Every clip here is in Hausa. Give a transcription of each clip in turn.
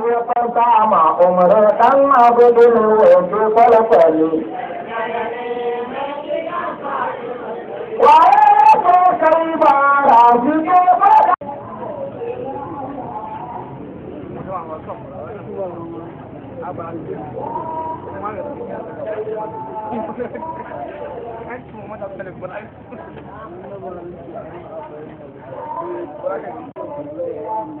فارتعم عمرة معبد الود فلفلي وعيسى كيف راسك Thank you.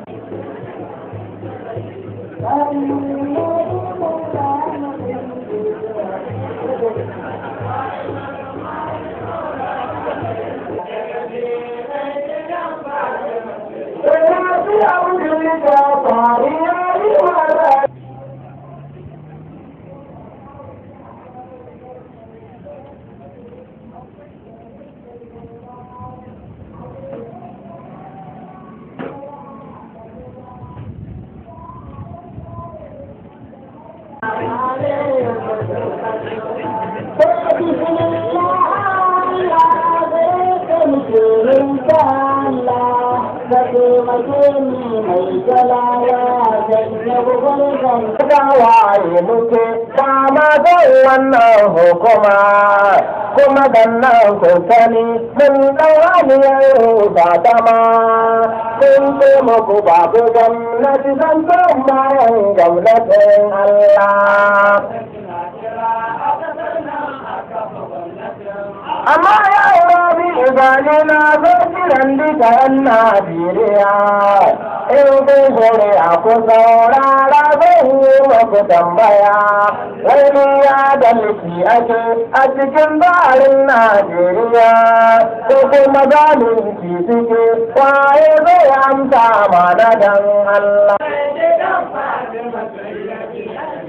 Yeah. tawaye muke kama don wannan hukuma kuma dan kusani kun sani mun ɗawaniyar ruda dama sun ce muku babu gwamnati zan son bayan gwamnatin Allah. amma ya yi rabi ibani na zai kiran dika yan Najeriya. In kun gore a kusa rara zai yi wa tambaya, wai ni ya ga ake a cikin barin Najeriya, ko kuma zalin suke waye zai amsa ma na dan Allah.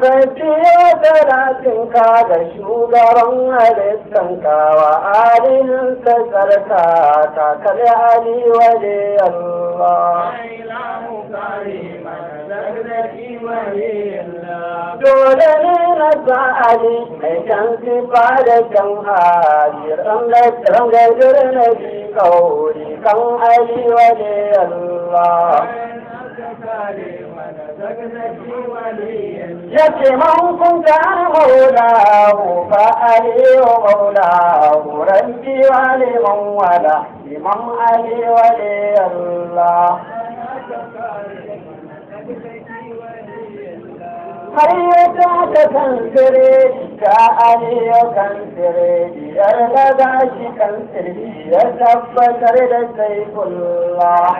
Gaskiya da cinka da shugaban halittanka kawa alihinsa tsarka kakali Ali wale Allah. Dole ne na sa Ali mai kan sifa da kan hali rangar na bi kauri kan Ali Allah. yace mankun ka maulahu fa aliyu maulahu rabbi aliman wala imam ali wali allah har yi ta ta kan sire ka da ya tabbatar da saifullah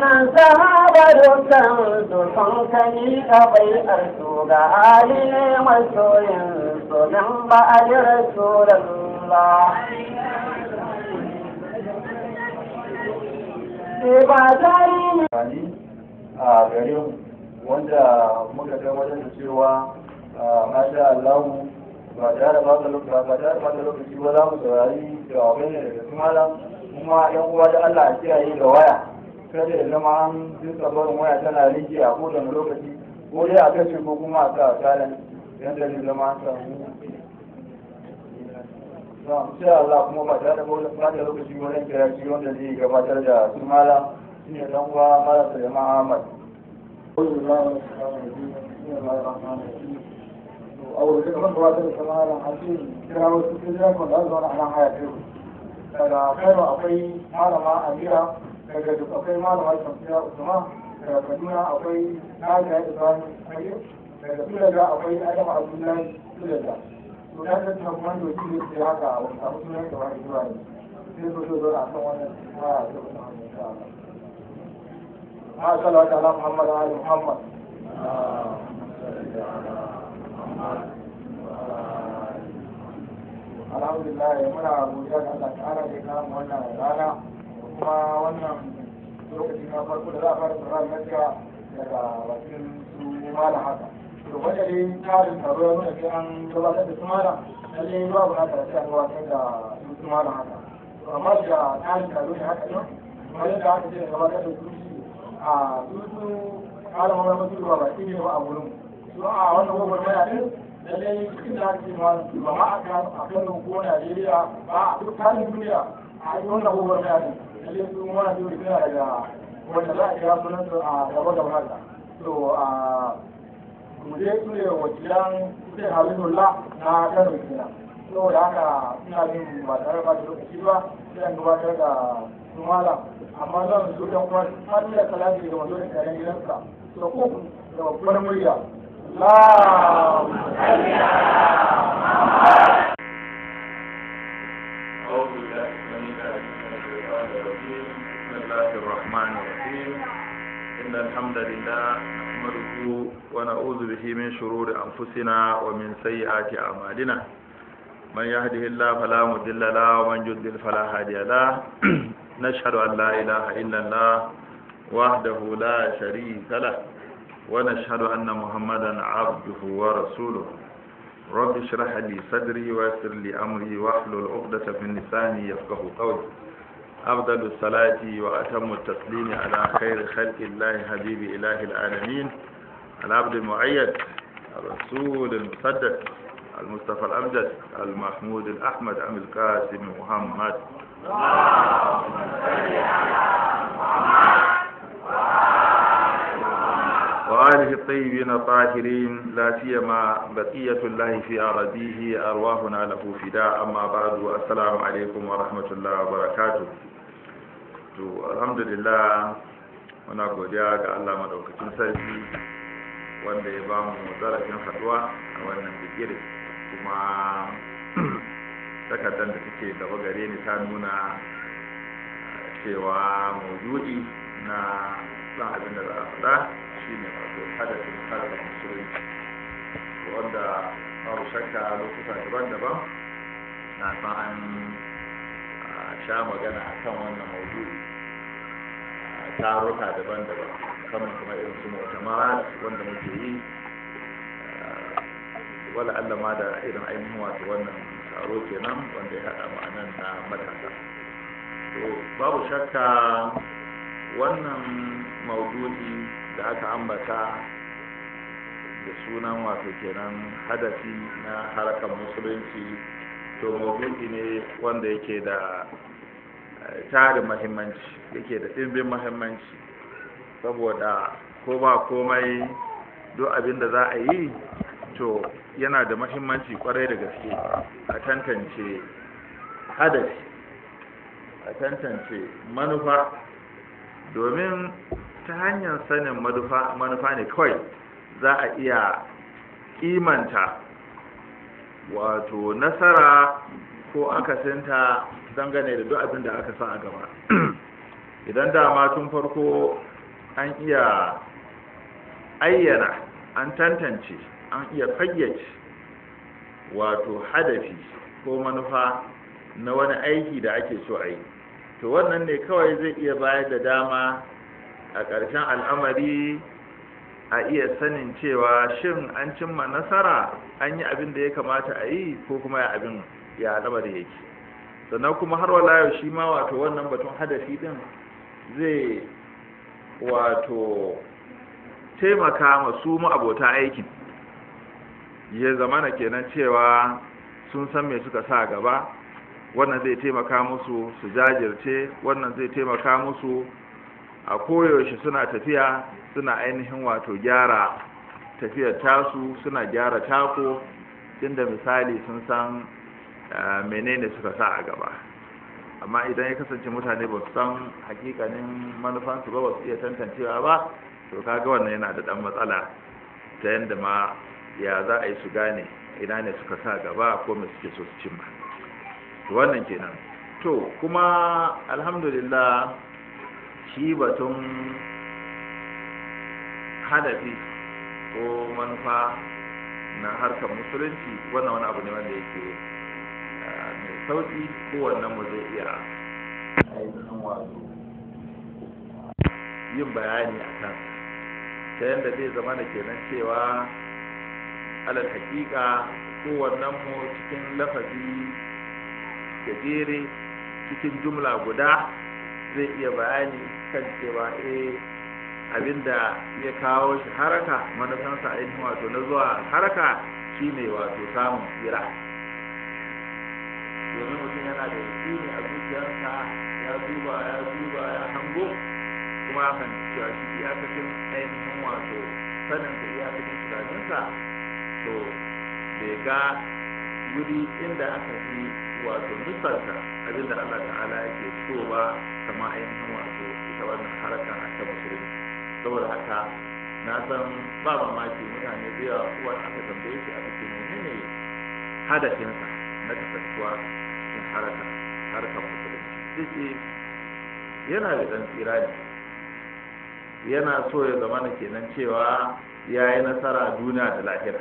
nan sahaba dukkan sun kani a bai'ar su ga hali neman masoyin su nan ba a jira rasulullah ba tarihi a gare wanda muka kai wajen da cewa masha Allah ba tare ba da lokaci ba za mu saurari jawabai ne daga malam kuma yan uwa da Allah a kiyaye ga waya kada da zama an jinsa barin waya tana rike a kowane lokaci ko dai a kashe ko kuma a sa talan yadda ne zama an samu sai Allah kuma ba ta da ba da lokaci wajen kira shi wanda zai gabatar da su mala shi ne dan uwa mala Sulaiman Ahmad أول شيء من قبل السماء الحسين كلا وسكت لكم الأرض ونحن حياتكم daga Kano akwai malama Amira daga Duk akwai malama Shamsiya Usman daga Kaduna akwai Nadia Ibrahim Kwaye daga Tulaga akwai Adam Abdullahi Tulaga to ta ta ta kuma doki ne sai haka a wani abu sunan da zuwa ne sai so so zo a san wannan ta tsara da wannan insha ما صلى الله على محمد وعلى محمد. محمد alhamdulillah ya muna godiya da Allah ta'ala da ya wannan rana kuma wannan lokaci na farko da za a fara tsoron maska daga bakin su mala haka to wanda dai tarin taro ya nuna sai an gabatar da su mala lallai babu na tare da gabatar da su mala haka to amma da tarin taro ne haka ɗin kuma yadda aka ce da gabatar da su a su su alamomin masu ruwa ba shi ne ba a wurin su a wannan gwagwarmaya ɗin lallai cikin da ake ma ba ma a kan a kan ko Najeriya ba a duk halin duniya a yi wannan abubuwan da ne lallai su mana su suna daga wanda za a kira sunan su a gaba da haka to a muje su ne wakilan sai Halilullah na Kano kenan da haka ina yin ba tare ba da lokaci ba sai gabatar da su malam amma zan so dan kwan har da salati da wannan karen gidansa to ko da babbar murya بسم الله الرحمن الرحيم إن الحمد لله نحمده ونعوذ به من شرور أنفسنا ومن سيئات أعمالنا من يهده الله فلا مضل له ومن يضلل فلا هادي له نشهد أن لا إله إلا الله وحده لا شريك له ونشهد أن محمدا عبده ورسوله رب اشرح لي صدري ويسر لي أمري واحلل عقدة من لساني يفقه قولي أفضل الصلاة وأتم التسليم على خير خلق الله حبيب إله العالمين العبد المؤيد الرسول المصدق المصطفى الأمجد المحمود الأحمد أم القاسم محمد اللهم صل على محمد وآله الطيبين الطاهرين لا سيما بقية الله في أرضيه أرواحنا له فداء أما بعد السلام عليكم ورحمة الله وبركاته to لله muna godiya ga Allah madaukakin sarki wanda ya bamu zarafin haduwa a wannan bigire kuma takardar da take gaba gare ni ta nuna cewa maudu'i na ɗan abin da za a faɗa shi ne wato hadafin harka musulunci wanda babu shakka lokuta daban-daban na san an sha magana a kan wannan maudu'i taruka daban-daban musamman kuma irin su mutamara wanda muke yi wala Allah ma da irin ainihin wato wannan taro kenan wanda ya haɗa ma'anan na matasa to babu shakka wannan maudu'i da aka ambata da sunan wato kenan hadafi na harkar musulunci to maudu'i ne wanda yake da eh, tarin mahimmanci yake da ɗimbin mahimmanci saboda ko ba komai duk abin da za a yi to yana da mahimmanci kwarai da gaske a tantance hadafi a tantance manufa domin ta hanyar sanin manufa ne kawai za a iya kimanta wato nasara ko akasinta dangane da duk abin da aka sa a gaba idan dama tun farko an iya ayyana an tantance an iya fayyace wato hadafi ko manufa na wani aiki da ake so a yi to wannan ne kawai zai iya bayar da dama a ƙarshen al'amari a iya sanin cewa shin an cimma nasara an yi abin da ya kamata a yi ko kuma ya abin ya al'amari yake sannan kuma har wala yau shi ma wato wannan batun hadafi din zai wato taimaka ma su abota aikin ya zamana kenan cewa sun san me suka sa gaba wannan zai taimaka musu su jajirce wannan zai taimaka musu a koyaushe suna tafiya suna ainihin wato gyara tafiyar tasu suna gyara tako tunda misali sun san eh, menene suka sa a gaba amma idan ya kasance mutane ba su san hakikanin manufansu ba ba su iya tantancewa ba to kaga wannan yana da dan matsala ta yadda ma ya za a yi su gane ina ne suka sa gaba ko me suke so su cimma wannan kenan to kuma alhamdulillah shi batun hadafi ko manufa na harkar musulunci wannan wani abu ne wanda yake ah, mai sauki kowannen mu zai iya ainihin wato yin bayani a kan ta yadda zai zama da kenan cewa alal hakika kowannen mu cikin lafazi gajere cikin jumla guda zai iya bayani kan cewa eh abinda ya kawo shi haraka manufansa ainihin wato na zuwa haraka shine wato samun tsira domin mutum yana da ne a zuciyarsa ya duba ya duba ya hango kuma ya kan cewa shi ya iyakacin ainihin wato sanin ya iyakacin tunaninsa to bai ga wuri inda aka fi wato nusarta abinda Allah ta'ala yake so ba kama ainihin wato wannan harkar ta musulmi saboda haka na san ba mamaki mutane da yawa kuwa aka tambaye shi a cikin menene hadafinsa na kasantuwa cikin harkar harkar musulunci ce yana da ɗan tsira ne yana so ya zama na kenan cewa ya yi nasara duniya da lahira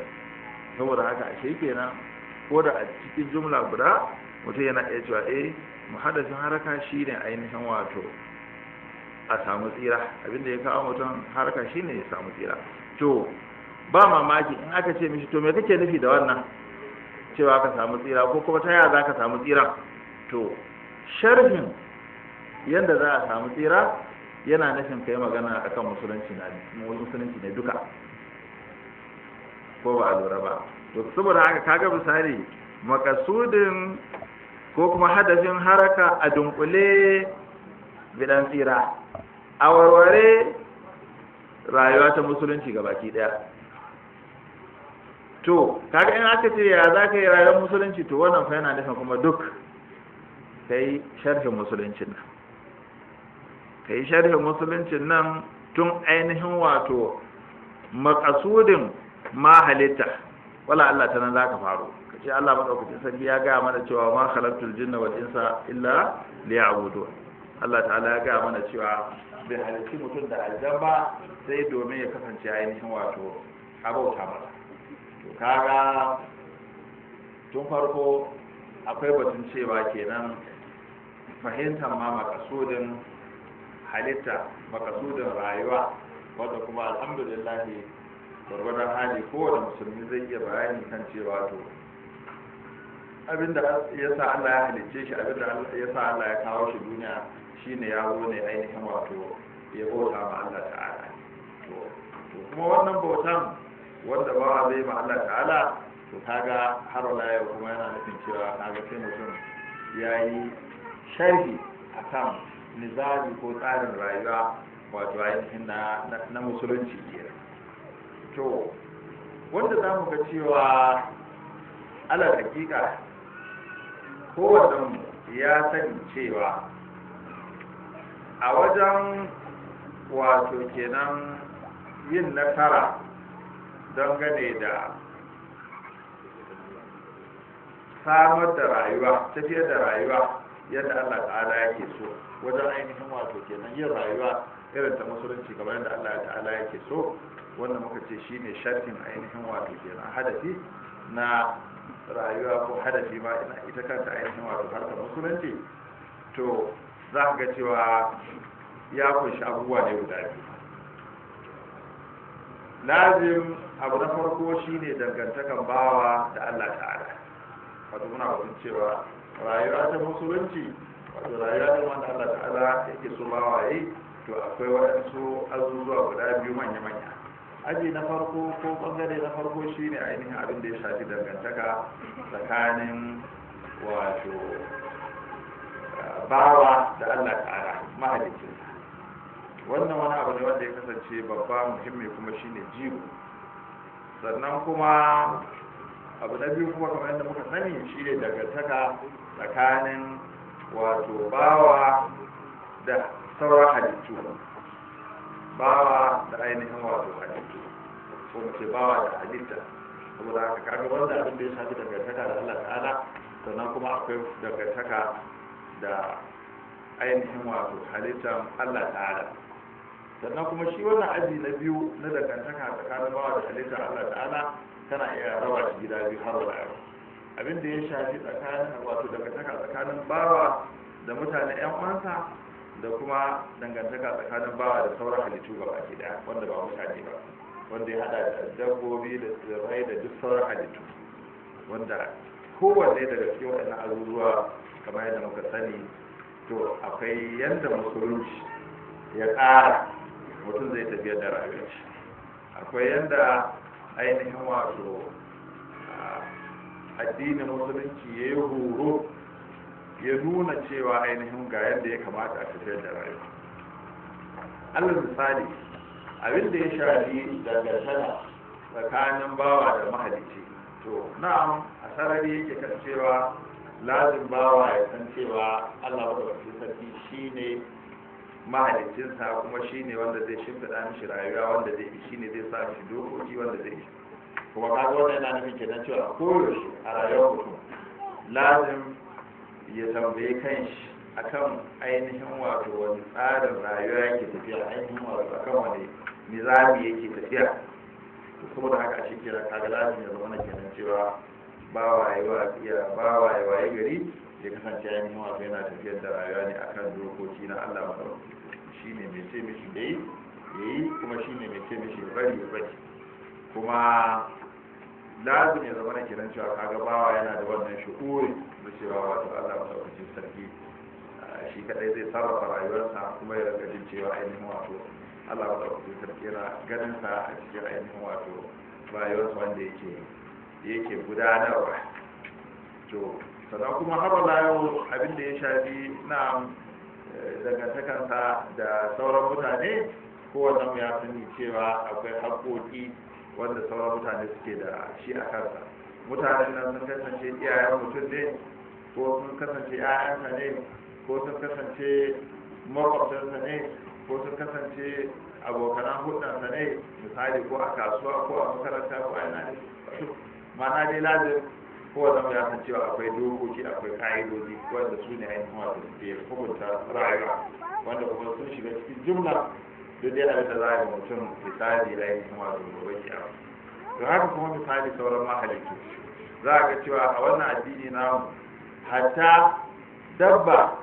saboda haka ashe kenan ko da a cikin jumla guda mutum yana iya cewa eh muhaddasin haraka shine ainihin wato a samu tsira abinda ya kawo mutum harka shine ya samu tsira to ba mamaki in aka ce mishi to me kake nufi da wannan cewa ka samu tsira ko kuma ta yaya za ka samu tsira to sharhin yadda za a samu tsira yana nufin kai magana akan musulunci na musulunci ne duka ko ba a lura ba to saboda haka kaga misali makasudin ko kuma hadafin haraka a dunkule bidan tsira a warware rayuwa ta musulunci ga baki daya to kaga in aka ce ya za ka yi rayuwar musulunci to wannan fa yana nufin kuma duk ka yi sharhin musuluncin nan kai sharhin musuluncin nan tun ainihin wato makasudin ma halitta wala Allah ta nan za ka faru ka ce Allah maɗaukacin sarki ya gaya mana cewa ma khalaqtul jinna wal insa illa liya'budun Allah ta'ala ya gaya mana cewa bai halitti mutum da aljaba sai domin ya kasance ainihin wato abauta mata. to kaga tun farko akwai batun cewa kenan fahimtar ma makasudin halitta makasudin rayuwa wadda kuma alhamdulillah gwargwadon hali kowane musulmi zai iya bayani kan cewa to abinda ya sa Allah ya halicce shi abinda ya sa Allah ya kawo shi duniya shine zo ne ainihin wato ya bauta ma Allah ta'ala to kuma wannan bautan wanda ba zai ma Allah ta'ala to kaga har wala yau kuma yana nufin cewa kaga sai mutum ya yi sharhi a kan nizami ko tsarin rayuwa wato ainihin na na musulunci kenan to wanda za mu ga cewa ala hakika kowanne ya sani cewa a wajen wato kenan yin nasara gane da samar da rayuwa tafiyar da rayuwa yadda Allah ta'ala yake so wajen ainihin wato kenan yin rayuwa irin ta musulunci kamar yadda Allah ta'ala yake so wannan muka ce shine shartin ainihin wato kenan hadafi na rayuwa ko hadafi ma ita kanta ainihin wato harkar musulunci to za ka ga cewa ya kunshi abubuwa ne guda biyu lazim abu na farko shine dangantakan bawa da Allah ta'ala wato muna batun cewa rayuwa ta musulunci wato rayuwa ta wanda Allah ta'ala yake so bawa yi to akwai waɗansu azuzuwa guda biyu manya-manya aji na farko ko bangare na farko shine ainihin abin da ya shafi dangantaka tsakanin wato bawa da Allah ta'ala mahalicinsa wannan wani abu ne wanda ya kasance babba muhimmi kuma shine jibu sannan kuma abu na biyu kuma kamar yadda muka sani shi ne dangantaka tsakanin wato bawa da sauran halittu bawa da ainihin wato halittu ko mace bawa da halitta saboda haka kaga wanda abin da ya shafi dangantaka da Allah ta'ala sannan kuma akwai dangantaka da ainihin wato halittar Allah ta'ala sannan kuma shi wannan aji na biyu na dangantaka tsakanin bawa da halittar Allah ta'ala tana iya raba shi gida biyu har wa abin da ya shafi tsakanin wato dangantaka tsakanin bawa da mutane yan uwansa da kuma dangantaka tsakanin bawa da sauran halittu ga baki daya wanda ba mutane ba wanda ya hada da dabbobi da tsirrai da duk sauran halittu wanda kowanne daga cikin waɗannan azuzuwa kamar yadda muka sani to akwai yadda musulunci ya ƙara mutum zai tafiya da rayuwarci akwai yadda ainihin wato addinin musulunci ya yi horo ya nuna cewa ainihin ga yadda ya kamata a tafiyar da rayuwa allah misali abin da ya shafi dangantaka tsakanin bawa da mahalicci. to na'am a sarari yake kan cewa lazim bawa ya san cewa Allah wasu sarki shine mahalicinsa kuma shine wanda zai shimfiɗa mishi rayuwa wanda zai ne zai sa shi dokoki wanda zai shi kuma zo wannan yana ke kenan cewa koyaushe a rayuwar mutum lazim ya tambaye kanshi akan ainihin wato wani tsarin rayuwa yake tafiya ainihin wato akan wani nizami yake tafiya saboda haka a shi kira kaga lazim ya zama na kenan cewa bawa ya wafiya bawa ya waye gari ya kasance ya nima wato yana tafiyar da rayuwa ne akan dokoki na Allah maɗauki shi ne mai ce mishi da yi kuma shi ne mai ce mishi bari bari kuma lazim ya zama na kiran cewa kaga bawa yana da wannan shu'uri da cewa wato Allah maɗaukakin sarki shi kadai zai sarrafa rayuwarsa kuma ya rika jin cewa ainihin wato Allah maɗaukakin sarki yana ganin sa a cikin ainihin wato rayuwarsa wanda yake yi da yake gudanarwa to sannan kuma har yau abin da ya shafi na eh, dangantakansa da sauran mutane mu ya sani cewa akwai haƙoƙi wanda sauran mutane suke da shi a kansa mutanen nan sun kasance iyayen mutum ne ko sun kasance 'ya'yansa ne ko sun kasance makwabtansa ne ko sun kasance abokanan hudansa ne misali ko a kasuwa ko a makaranta ko a yana ne ma'ana dai lazim ko zama ya san cewa akwai dokoki akwai ka'idoji wanda su ne ainihin wato da hukunta rayuwa wanda kuma sun shiga cikin jumla duk dai abin da za a yi mutum misali da ainihin wato gobe kiyama ga haka kuma misali sauran mahalittu za a ga cewa a wannan addini mu hatta dabba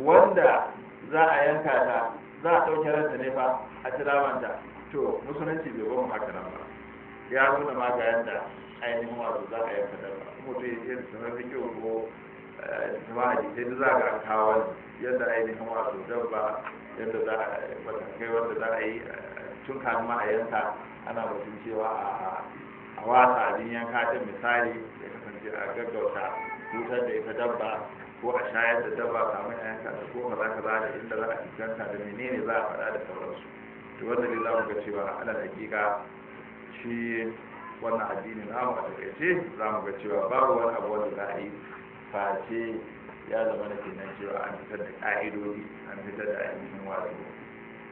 wanda za a yanka ta za a ɗauke ranta ne fa a tiramanta to musulunci bai bamu haka nan ba ya nuna ma ga yanda ainihin wato za a yanka dabba mutum ya ce su da kyau ko eh, jama'a sai da za a kawo yadda ainihin wato dabba yadda za a matakai wanda za a yi eh, tun kamun ma a yanka ana batun cewa a wasa abin yanka ta misali ya kasance a gaggauta hutar da ita dabba ko a shayar da dabba kamun a yanka ta ko kaza kaza da inda za a fuskanta da menene za a faɗa da sauransu to wanda dai za mu ga cewa alal hakika shi wannan addini namu a takaice za mu ga cewa babu wani abu wanda za a yi face ya zama da kenan cewa an fitar da ƙa'idodi an fitar da ainihin wato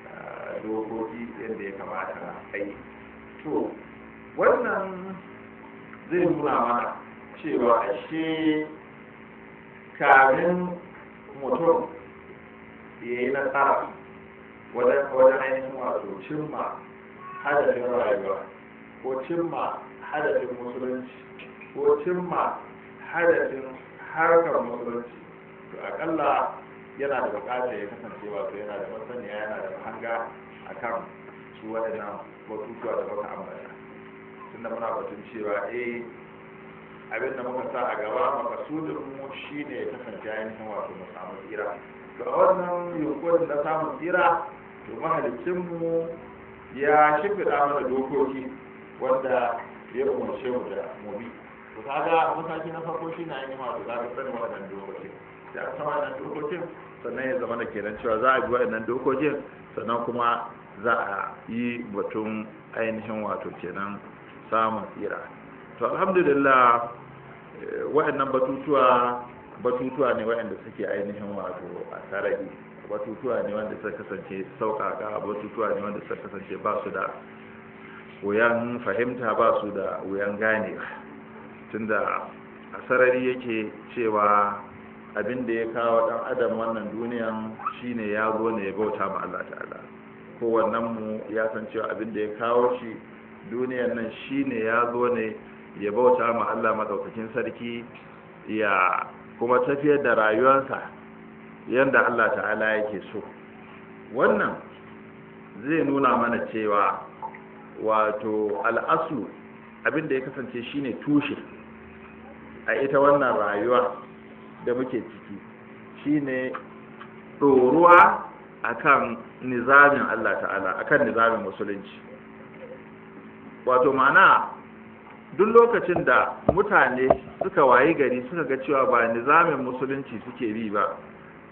ah, dokoki yadda ya kamata na to wannan zai nuna mana cewa ashe kamin mutum ya yi nasara wajen ainihin wato cimma hadarin rayuwa ko cimma hadafin musulunci ko cimma hadafin harkar musulunci to akalla yana da bukatar ya kasance wato yana da masaniya yana da hanga kan su waɗannan batutuwa da muka ambata tunda muna batun cewa eh abinda muka sa a gaba maka su da mu shi ne ya kasance ainihin wato mu samu tsira to a wannan yunkurin na samun tsira to mahalicinmu ya shimfiɗa mana dokoki wanda ya umarce mu da mobi to kaga mataki na farko shi na yi masu zaɓi sanin waɗannan dokokin da a sama waɗannan dokokin sannan ya zama da kenan cewa za a bi waɗannan dokokin sannan kuma za a yi batun ainihin wato kenan samun tsira to alhamdulillah waɗannan batutuwa batutuwa ne waɗanda suke ainihin wato a sarari batutuwa ne wanda suka kasance sauƙaƙa batutuwa ne wanda suka kasance ba su da wuyan fahimta ba su da wuyan gane tunda a sarari yake cewa abin da ya kawo dan adam wannan duniyan shine ya zo ne ya bauta ma Allah ta'ala kowannen mu ya san cewa abin da ya kawo shi duniyan nan shine ya zo ne ya bauta ma Allah madaukakin sarki ya kuma tafiyar da rayuwarsa yadda Allah ta'ala yake so wannan zai nuna mana cewa wato al'asu, abin da ya kasance shine tushe a ita wannan rayuwa da muke ciki shine ɗoruwa akan nizamin Allah ta'ala akan nizamin musulunci wato mana duk lokacin da mutane suka wayi gari suka ga cewa ba nizamin musulunci suke bi ba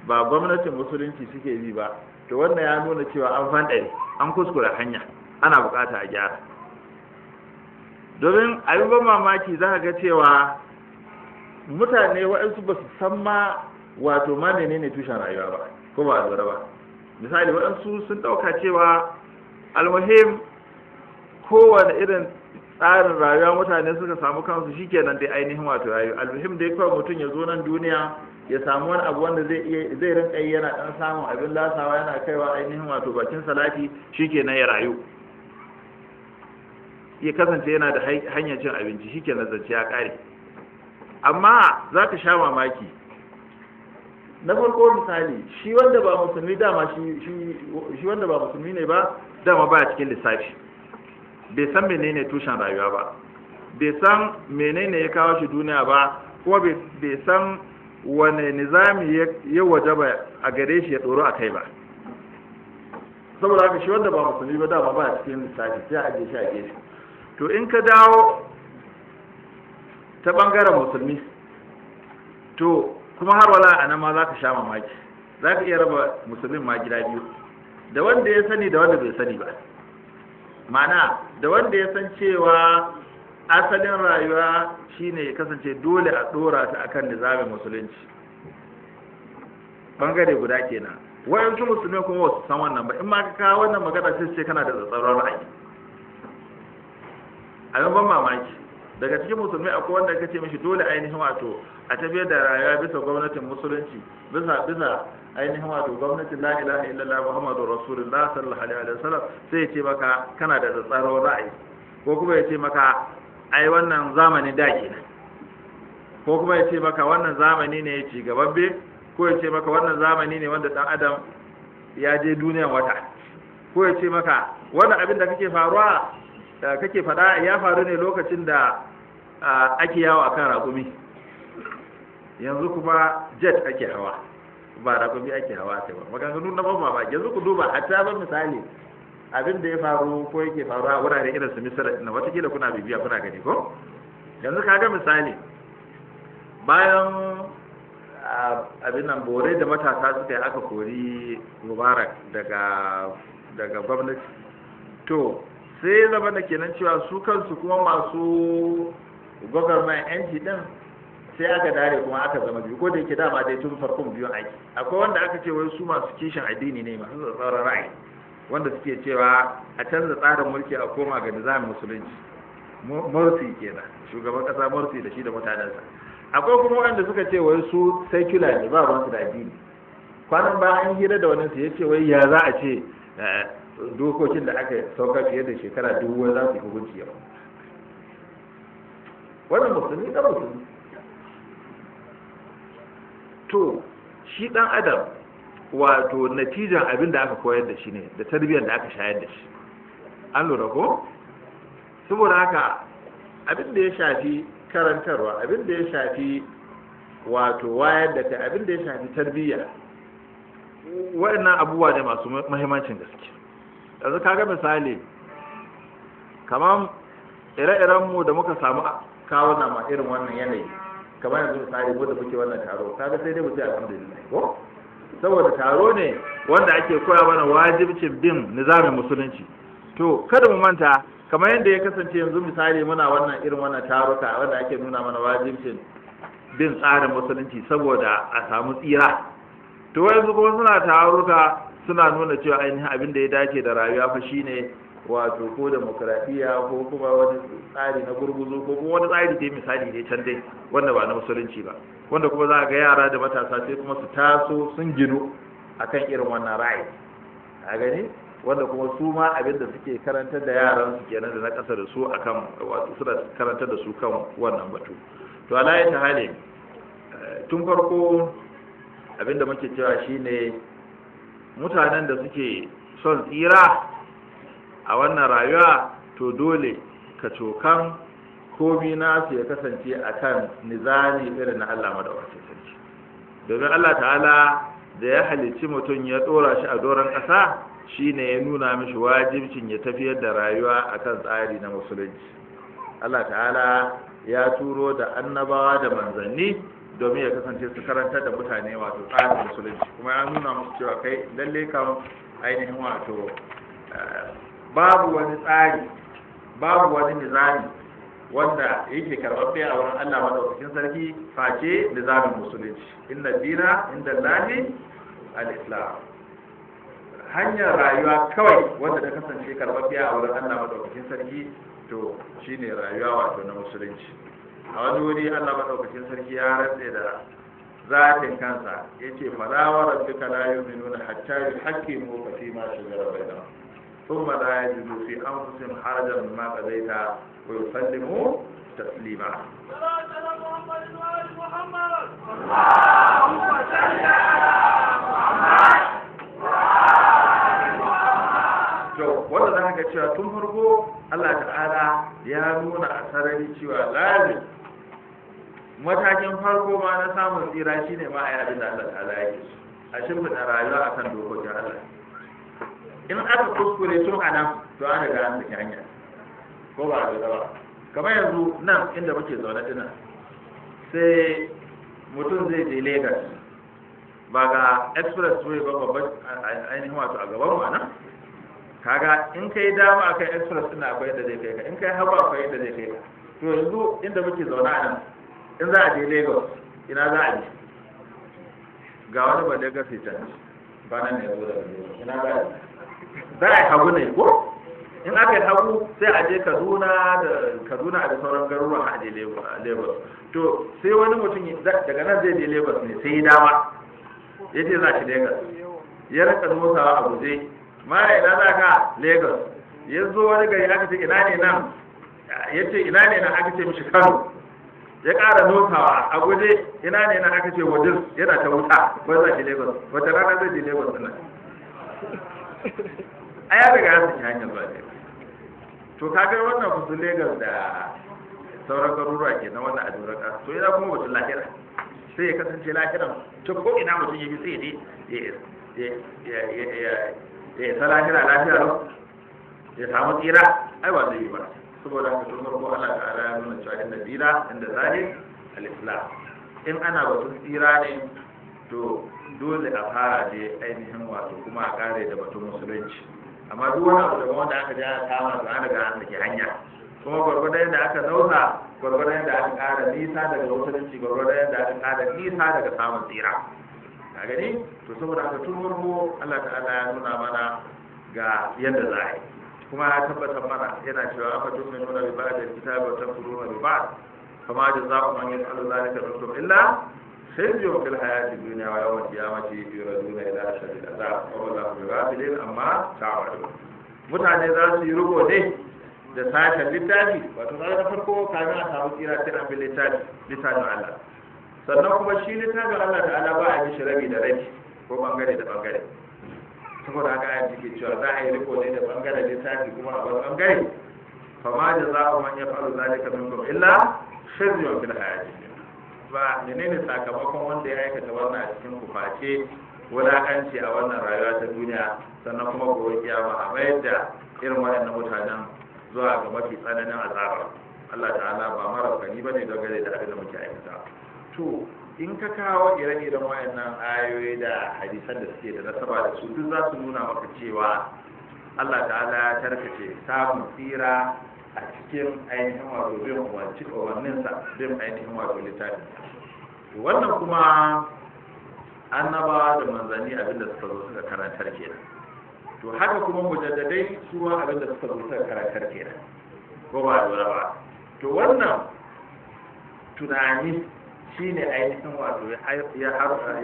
ba gwamnatin musulunci suke bi ba to wannan ya nuna cewa an fanɗari an kuskure hanya ana bukata a gyara domin abin ban mamaki za ga cewa mutane waɗansu ba su san ma wato ma ne tushen rayuwa ba ko ba lura ba misali waɗansu sun ɗauka cewa almuhim kowane irin tsarin rayuwa mutane suka samu kansu shikenan dai ainihin wato rayuwa almuhim dai kawai mutum ya zo nan duniya ya samu wani abu wanda zai iya yana ɗan samun abin lasawa yana kaiwa ainihin wato bakin salati shikenan ya rayu ya kasance yana da hanyar cin abinci shi ke zance ya ƙare amma za ka sha mamaki na farko misali shi wanda ba musulmi dama shi wanda ba musulmi ne ba dama baya cikin lissafi bai san menene tushen rayuwa ba bai san menene ya kawo shi duniya ba kuma bai san wane nizami ya waje ba a gare shi ya tsoro a kai ba saboda haka shi wanda ba musulmi ba dama ba cikin lissafi sai a ajiye shi a gefe to in ka dawo ta bangaren musulmi to kuma har wala a nan ma za ka sha mamaki za ka iya raba musulmin ma gida biyu da wanda ya sani da wanda bai sani ba mana da wanda ya san cewa asalin rayuwa shine ya kasance dole a dora ta akan nizamin musulunci bangare guda kenan wayansu musulmi kuma wasu san wannan ba in ma ka kawo wannan magana sai sai kana da tsatsauran ra'ayi a ban mamaki daga cikin musulmi akwai wanda kace mishi dole ainihin wato a tafiyar da rayuwa bisa gwamnatin musulunci bisa bisa ainihin wato gwamnatin la ilaha illallah muhammadur rasulullah sallallahu alaihi wasallam sai ya ce maka kana da tsaro ra'ayi ko kuma ya ce maka ai wannan zamani da kenan ko kuma ya ce maka wannan zamani ne ya ci gaban be ko ya ce maka wannan zamani ne wanda dan adam ya je duniyar wata ko ya ce maka wannan abin da kake faruwa Eh, kake faɗa ya faru ne lokacin da ake yawo akan rakumi yanzu kuma jet ake hawa ba rakumi ake hawa sai ba maganganu na ban yanzu ku duba a ta misali abin da ya faru ko yake faru a wurare irin su misira na watakila kuna bibiya kuna gani ko yanzu kaga misali bayan abin nan bore da matasa suka yi aka kori mubarak daga daga gwamnati to sai zama da kenan cewa su kansu kuma masu gwagwarmar yanci din sai aka dare kuma aka zama biyu ko da yake dama dai tun farkon biyu aiki akwai wanda aka ce wai su masu kishin addini ne masu tsaron ra'ayi wanda suke cewa a canza tsarin mulki a koma ga nizamin musulunci morsi kenan shugaban kasa morsi da shi da mutanensa akwai kuma wanda suka ce wai su secular ne ba ruwansu da addini kwanan ba an hira da wani su ya ce wai ya za a ce eh, dokokin da aka sauka fiye da shekara dubu za su yi hukunci yau wannan musulmi ɗan musulmi to shi ɗan adam wato natijan abin da aka koyar da shi ne da tarbiyyar da aka shayar da shi an lura ko saboda haka abin da ya shafi karantarwa abin da ya shafi wato wayar da kai abin da ya shafi tarbiyya waɗannan abubuwa da masu mahimmancin gaske yanzu kaga misali kamar ire-iren mu da muka samu kawo na irin wannan yanayi kamar yanzu misali mu da muke wannan taro kaga sai dai mu ce alhamdulillah ko saboda taro ne wanda ake koya mana wajibcin bin nizamin musulunci to kada mu manta kamar yadda ya kasance yanzu misali muna wannan irin wannan taruka wanda ake nuna mana wajibcin bin tsarin musulunci saboda a samu tsira to yanzu kuma suna taruka suna nuna cewa ainihin abin da ya dace da rayuwa fa shine wato ko demokradiyya ko kuma wani tsari na gurguzu ko kuma wani tsari dai misali ne can dai wanda ba na musulunci ba wanda kuma za ga yara da matasa sai kuma su taso sun ginu akan irin wannan ra'ayi a gani wanda kuma su ma abin da suke karantar da yaran su kenan da na kasa da su akan wato suna karantar da su kan wannan batu to ala ta hali eh, tun farko abin da muke cewa shine mutanen da suke son tsira a wannan rayuwa to dole ka cokan komi nasu ya kasance a kan nizami irin na Allah madawacin sarki domin Allah ta'ala da ya halicci mutum ya ɗora shi a doron ƙasa shine ya nuna mishi wajibcin ya tafiyar da rayuwa a kan tsari na musulunci Allah ta'ala ya turo da annabawa da manzanni domin ya kasance su karanta da mutane wato tsarin musulunci kuma ya nuna musu cewa kai lalle kam ainihin wato eh, babu wani tsari babu wani nizami wanda yake karɓaɓɓe a wurin Allah madaukakin sarki face nizamin musulunci inna dina inda lahi al-islam hanyar rayuwa kawai wanda ta kasance karɓaɓɓe a wurin Allah madaukakin sarki to shine rayuwa wato na musulunci a wani wuri Allah madaukakin sarki ya rantse da zatin kansa yace fala wa rabbika la na hatta yuhaqqimu fi ma shajara bainahum thumma la yajidu fi anfusihim harajan mimma qadaita wa yusallimu تسليما wanda za ka cewa tun farko Allah ta'ala ya nuna a sarari cewa lazim matakin farko ma na samun tsira shine ma a yabi da Allah ta'ala yake a shimfiɗa rayuwa a kan dokokin Allah in aka kuskure tun a nan to an riga an saki hanya ko ba a ba kamar yanzu nan inda muke zaune dinan sai mutum zai je Lagos ba ga expressway ba ba ainihin wato a gaban ma nan kaga in kai dama akan express din akwai yadda zai kai ka in kai hagu akwai yadda zai kai ka to yanzu inda muke zaune a nan in za a je lagos ina za a je ga wani ba daga sai can ba nan ne zo da ina za a je za a yi hagu ne ko in aka yi hagu sai a je kaduna da kaduna da sauran garuruwa a je lagos to sai wani mutum daga nan zai je lagos ne sai dama ya ce za shi lagos ya rika nosawa a guje mara ina za ka lagos ya zo wani gari aka ce ina ne nan ya ce ina ne nan aka ce mishi kano ya ƙara nokawa a guje ina ne na aka ce wajen yana ta wuta ba za shi lagos wata rana zai je lagos a ya daga yasin ya hanyar zuwa lagos to kaga wannan kusur lagos da sauran garuruwa ke na wannan ajiyar ƙasa to ina kuma mutum lahira sai ya kasance lahiran to ko ina mutum ya bi sai ne ya ta lahira lahira ya samu tsira ai ba zai yi ba saboda haka sun farko Allah ta'ala ya nuna cewa inda dina inda zahir al-islam in ana batun tsira ne to dole a fara je ainihin wato kuma a kare da batun musulunci amma duk wani abu daga wanda aka ji kama da an daga an saki hanya kuma gwargwadon yadda aka zauna gwargwadon yadda aka kara nisa daga musulunci gwargwadon yadda aka kara nisa daga samun tsira a gani to saboda haka tun farko Allah ta'ala ya nuna mana ga yadda za a yi kuma ya tabbatar mana yana cewa afa nuna bi ba'd al-kitabi wa takfuruna bi ba'd kama jazaa'u man yaf'alu dhalika minkum illa khizyun fil hayati duniya wa yawm al-qiyamati yuraduna ila ashaddi za ku wa wallahu ghafilun amma ta'malun mutane za su yi rubo ne da sashen littafi wato sai na farko kamin a samu tsira sai an bi littafi littafin Allah sannan kuma shi littafin Allah ta'ala ba a yi shirabi da rai ko bangare da bangare saboda haka ayar take cewa za a yi riko ne da bangaren littafi kuma a wani bangare fa ma da za a man ya faru zalika minkum illa shazyun fil hayati ba menene sakamakon wanda ya aikata wannan a cikin kuface wulakanci a wannan rayuwa ta duniya sannan kuma gobe kiyama a mayar da irin waɗannan mutanen zuwa ga mafi tsananin azaba Allah ta'ala ba mara ba bane dogare da abin da muke aikata to in ka kawo ire-iren wayannan ayoyi da hadisan da suke da nasaba da su duk za su nuna maka cewa Allah ta'ala ya tarkace samun tsira a cikin ainihin wato bin umarci sa bin ainihin wato littafin wannan kuma annabawa da manzanni abinda suka zo suka karantar kenan to haka kuma mujaddadai su ma abinda suka zo suka karantar kenan ko ba lura ba to wannan tunani shine ainihin wato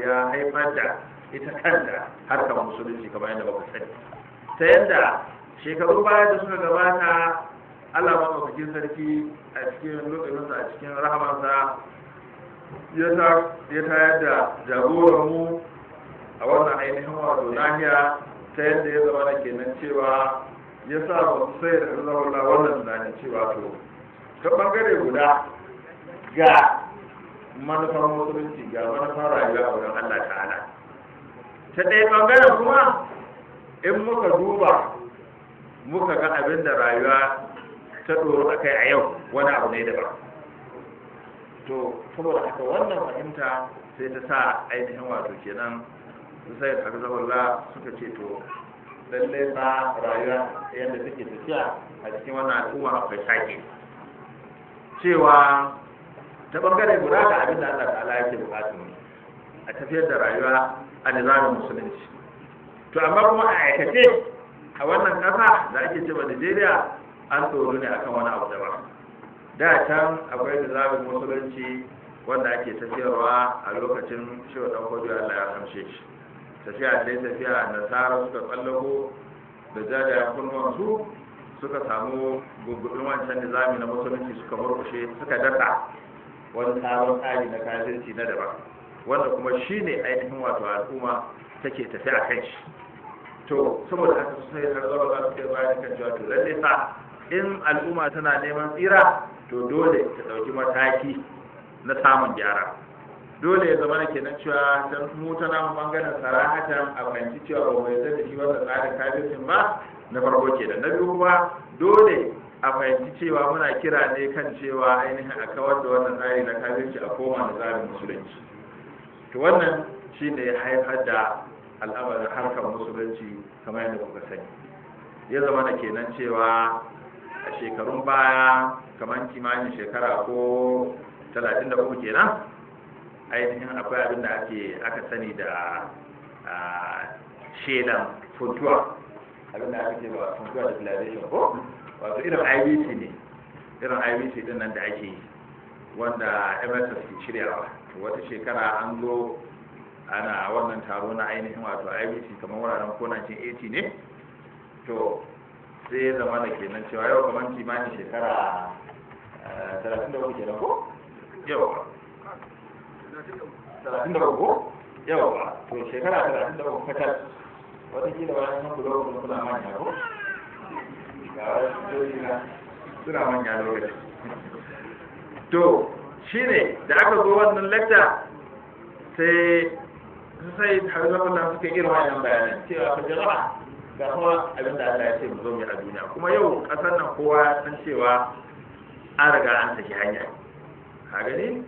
ya haifar da ita kanta harkar musulunci kamar yadda baku sani ta yadda shekaru baya da suka gabata Allah maɗaukakin sarki a cikin lokacinsa a cikin rahamansa ya tayar da mu a wannan ainihin wato nahiya ta yadda ya zama ke kenan cewa ya sa wa sai da zaura wannan tunanin cewa to ta bangare guda ga manufar musulunci ga manufar rayuwa a wurin Allah ta'ala ta ɗaya ɓangaren kuma in muka duba muka ga abin da rayuwa ta ɗoro a kai a yau wani abu ne daban to saboda haka wannan fahimta sai ta sa ainihin wato kenan sai ta zama suka ce to lallai ba rayuwa yadda take tafiya a cikin wannan al'umma akwai sake cewa ta bangare guda ga abin da Allah ta'ala yake bukatu ne a tafiyar da rayuwa a nizamin musulunci to amma kuma a aikace a wannan kasa da ake cewa Najeriya an tsoro ne akan wani abu daban da can akwai nizamin musulunci wanda ake tafiyarwa a lokacin cewa dan ɗan Allah ya samshe shi tafiya sai tafiya nasara suka tsallako da jajayen kunnuwansu suka samu gugudun wancan nizami na musulunci suka murkushe suka dasa wani sabon tsari na kafirci na daban wanda kuma shi ne ainihin wato al'umma take tafi a kan shi to saboda haka su sai har zuwa za su kai bayan kan cewa to lalle fa in al'umma tana neman tsira to dole ta ɗauki mataki na samun gyara dole ya zama na kenan cewa dan mu ta namu bangaren sarahatan a fahimci cewa ba mu yarda da shi wannan tsarin kafircin ba na farko kenan na biyu kuma dole a fahimci cewa muna kira ne kan cewa ainihin a kawar da wannan tsari na kafirci a koma da tsarin musulunci to wannan ne ya haifar da al'amarin harkar musulunci kamar yadda kuka sani ya zama da kenan cewa a shekarun baya kamar kimanin shekara ko talatin da kuma kenan ainihin akwai abin da ake aka sani da shedan fotuwa abin da ake ce ba fotuwa da filadelfia ko wato irin ibc ne irin ibc din nan da ake yi wanda msf ke shiryawa to wata shekara an zo ana wannan taro na ainihin wato ibc kamar wuraren ko 1980 ne to sai ya zama da kenan cewa yau kamar kimanin shekara 33 eh, kenan ko yawa 33 ko yawa to shekara 33 fatal wata kila bayan nan ku zo ku kula manya ko suna manya lokaci to shine da aka zo wannan lakta sai sai harzafin wannan suka irin wannan bayanan cewa ku jama'a ga kuma abin da Allah ya ce mu zo mu a duniya kuma yau kasar nan kowa san cewa an riga an saki hanya ka gani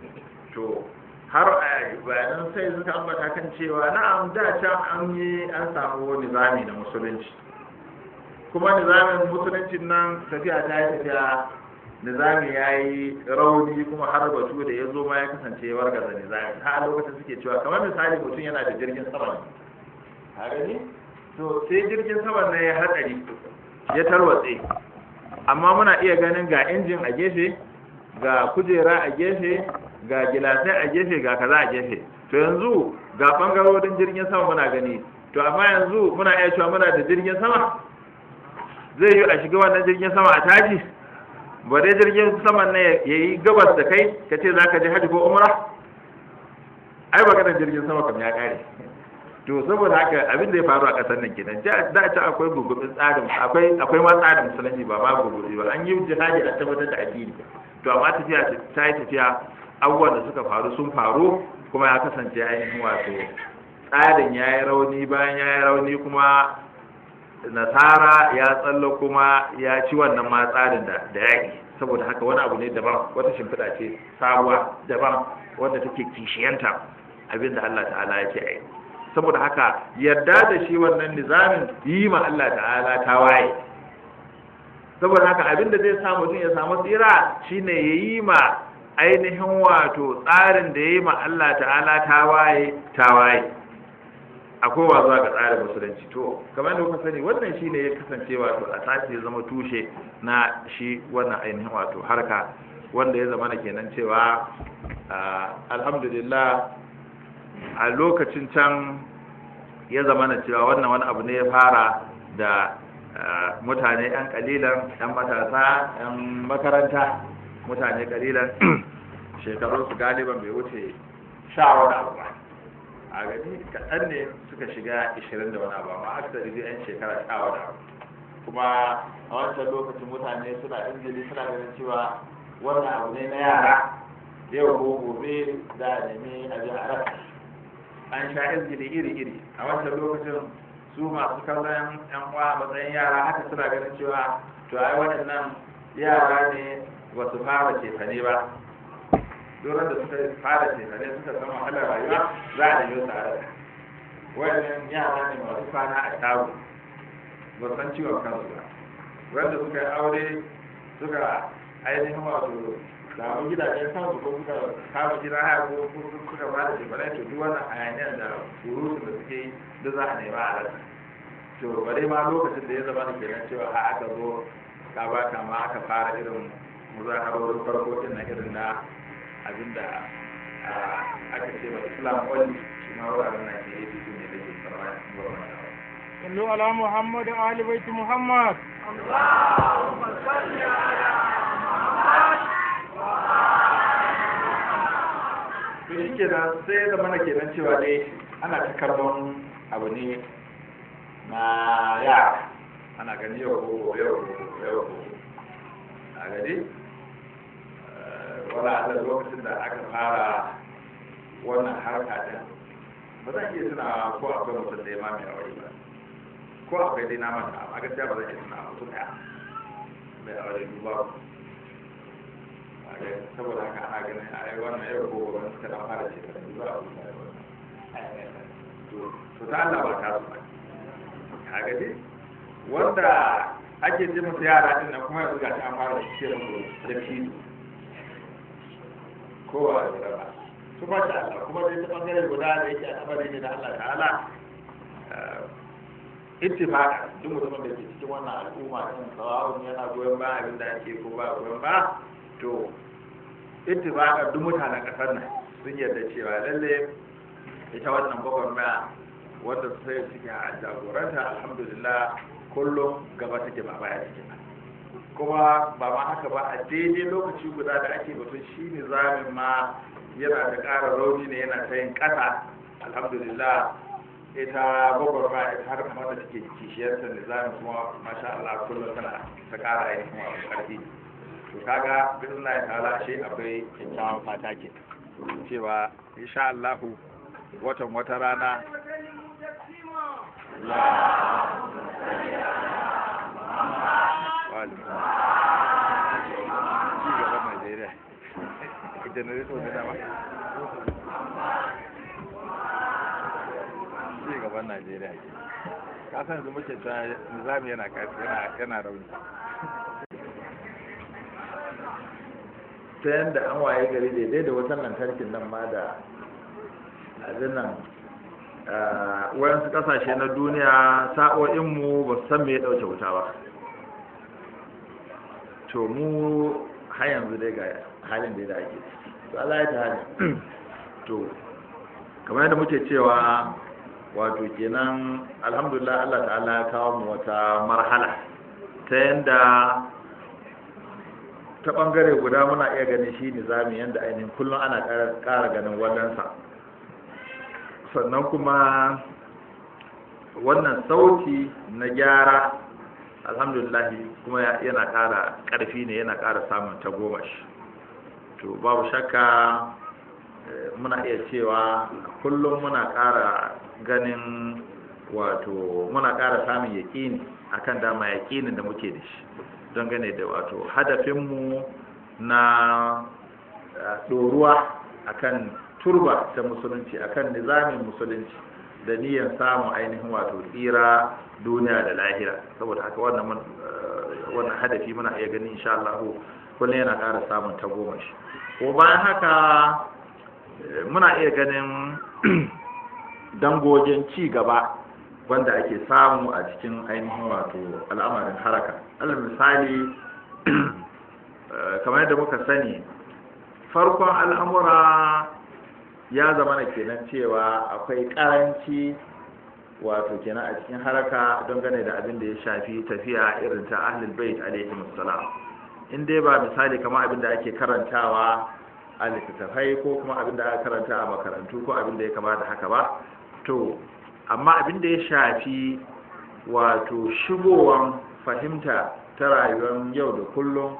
to har bayanan sai suka ambata kan cewa na'am da can an yi an samu nizami na musulunci kuma nizamin musuluncin nan tafiya ta yi tafiya nizami ya yi rauni kuma har batu da ya zo ma ya kasance ya da nizami ha lokacin suke cewa kamar misali mutum yana da jirgin sama ne ni? to sai jirgin sama na ya hatsari ya tarwatse amma muna iya ganin ga injin a gefe ga kujera a gefe ga gilasai a gefe ga kaza a gefe to yanzu ga bangarorin jirgin sama muna gani to amma yanzu muna iya cewa muna da jirgin sama zai yi a shiga wannan jirgin sama a taji ba dai jirgin saman ya yi gabas da kai ka ce za ka je hajji ko umra ai maganar jirgin sama kam ya kare to saboda haka abin da ya faru a kasar nan kenan da ta akwai gugubin tsarin akwai akwai ma tsarin musulunci ba ma gugubi ba an yi jihadi a tabbatar da addini to amma tafiya ta yi tafiya abubuwan da suka faru sun faru kuma ya kasance ainihin wato tsarin ya yi rauni bayan ya yi rauni kuma nasara ya tsalla kuma ya ci wannan ma tsarin da da yaki saboda haka wani abu ne daban wata shimfiɗa ce sabuwa daban wanda take kishiyanta abin da Allah ta'ala ya ce ai saboda haka yarda da shi wannan nizamin yi ma Allah ta'ala ta waye saboda haka abin da zai samu mutum ya samu tsira shine ya yi ma ainihin wato tsarin da ya yi ma Allah ta'ala ta waye ta waye akwai wa zuwa ga tsarin musulunci to kamar da kuka sani wannan shine ya kasance wato a tashi ya zama tushe na shi wannan ainihin wato harka wanda ya zama na kenan cewa alhamdulillah a lokacin can ya zama na cewa wannan wani abu ne ya fara da mutane 'yan kalilan 'yan matasa 'yan makaranta mutane kalilan shekarunsu galiban bai wuce sha wani abu ba a gani kaɗan ne suka shiga 20 da wani abu amma aksari zai yan shekara sha wani abu kuma a wancan lokacin mutane suna injili suna ganin cewa wannan abu ne na yara yau ko gobe da a nemi a ji a rasa an sha injili iri-iri a wancan lokacin su masu kallon yan uwa a matsayin yara haka suna ganin cewa to ai waɗannan yara ne ba su fara cefane ba doron da suka fara shekare suka zama halar rayuwa za a yi wata arata wannan yara ne masu kwana a shago ba san ciwon kansu ba wanda suka yi aure suka ainihin wato samun gidajen kansu ko suka kama gida haya ko suka ba da shekare to duk wannan hayaniyar da surutun da suke yi duk za a nema a rasa to bare ma lokacin da ya zama da kenan cewa a aka zo ka ba ma aka fara irin muzaharorin farko din na irin na abinda aka ce ba islam only shi ma wuraren na ke yi ne da ke tsammanin gwamnati sallu ala muhammad ali baiti muhammad allahumma salli ala muhammad to shi kenan sai da mana kenan cewa dai ana ta karbon abu ne na yara ana gani yau yau yau a gani wala da lokacin da aka fara wannan harka din ba zan iya suna ko akwai mutum da ya mamaye a wani ba ko akwai dai na mata a gaskiya ba zan iya suna mutum ɗaya mai a wani duba saboda haka ana ganin a yi wannan yau ko wani suka na fara shekaru za a wuce to ta Allah ba ta su ba ka gani wanda ake ce musu yara din nan kuma yanzu ga ta fara ce musu da fido kowa ya ba su ba ta Allah kuma dai ta bangare guda da yake al'amari ne da Allah ta'ala eh, ittifaka duk mutumin da ke cikin wannan al'umma din sawa'un yana goyon ba abin da ake ko ba goyon ba to ittifaka duk mutanen kasar nan sun yarda cewa lalle ita wannan ba wanda sai suke a jagoranta alhamdulillah kullum gaba take ba baya cikin ba kuma ba ma haka ba a daidai lokaci guda da ake batun shi nizamin ma yana da ƙara rauni ne yana ta yin ƙasa alhamdulillah ita babbar ma ita har kamar da take kishiyarta nizamin kuma masha Allah kullum tana ta ƙara kuma a ƙarfi to kaga bin Allah ya ta'ala shi akwai kyakkyawan fata ke cewa insha Allah watan wata rana Allah ƙwalin ci gaban najeriya janareto ne yanzu muke ta nizami yana yana rauni ta yadda an waye gari daidai da wutan lantarkin nan ma da abin nan ah, wayansu kasashe na duniya sa'o'inmu ba su san me ya ɗauke wuta ba to mu har yanzu dai ga halin da ya ake to Allah ya ta to kamar yadda muke cewa wato kenan alhamdulillah Allah ta'ala ya kawo mu wata marhala ta yanda ta bangare guda muna iya ganin shi nizami yanda ainihin kullum ana ƙara ganin wadansa sannan kuma wannan sauti na gyara alhamdulillah kuma yana ƙara ƙarfi ne yana ƙara samun ta goma shi. to babu shakka eh, muna iya cewa kullum muna ƙara ganin wato muna ƙara samun yaƙini akan dama yaƙinin da muke da shi don gane da wato hadafinmu na eh, ɗoruwa akan turba ta musulunci akan nizamin musulunci da niyyar samun ainihin wato tsira duniya da lahira saboda haka wannan eh, wannan hadafi muna iya gani insha Allah kullum yana ƙara samun ta goma shi ko bayan haka eh, muna iya ganin dangogin ci gaba wanda ake samu a cikin ainihin wato al'amarin haraka alal misali eh, kamar yadda muka sani farkon al'amura ya zama na kenan cewa akwai karanci wato kenan a cikin haraka don gane da abin da ya shafi tafiya irin ta ahlul bait alaihi salam in dai ba misali kamar abin da ake karantawa a littattafai ko kuma abin da aka karanta a makarantu ko abin da ya kamata haka ba to amma abin da ya shafi wato shigowan fahimta ta rayuwar yau da kullum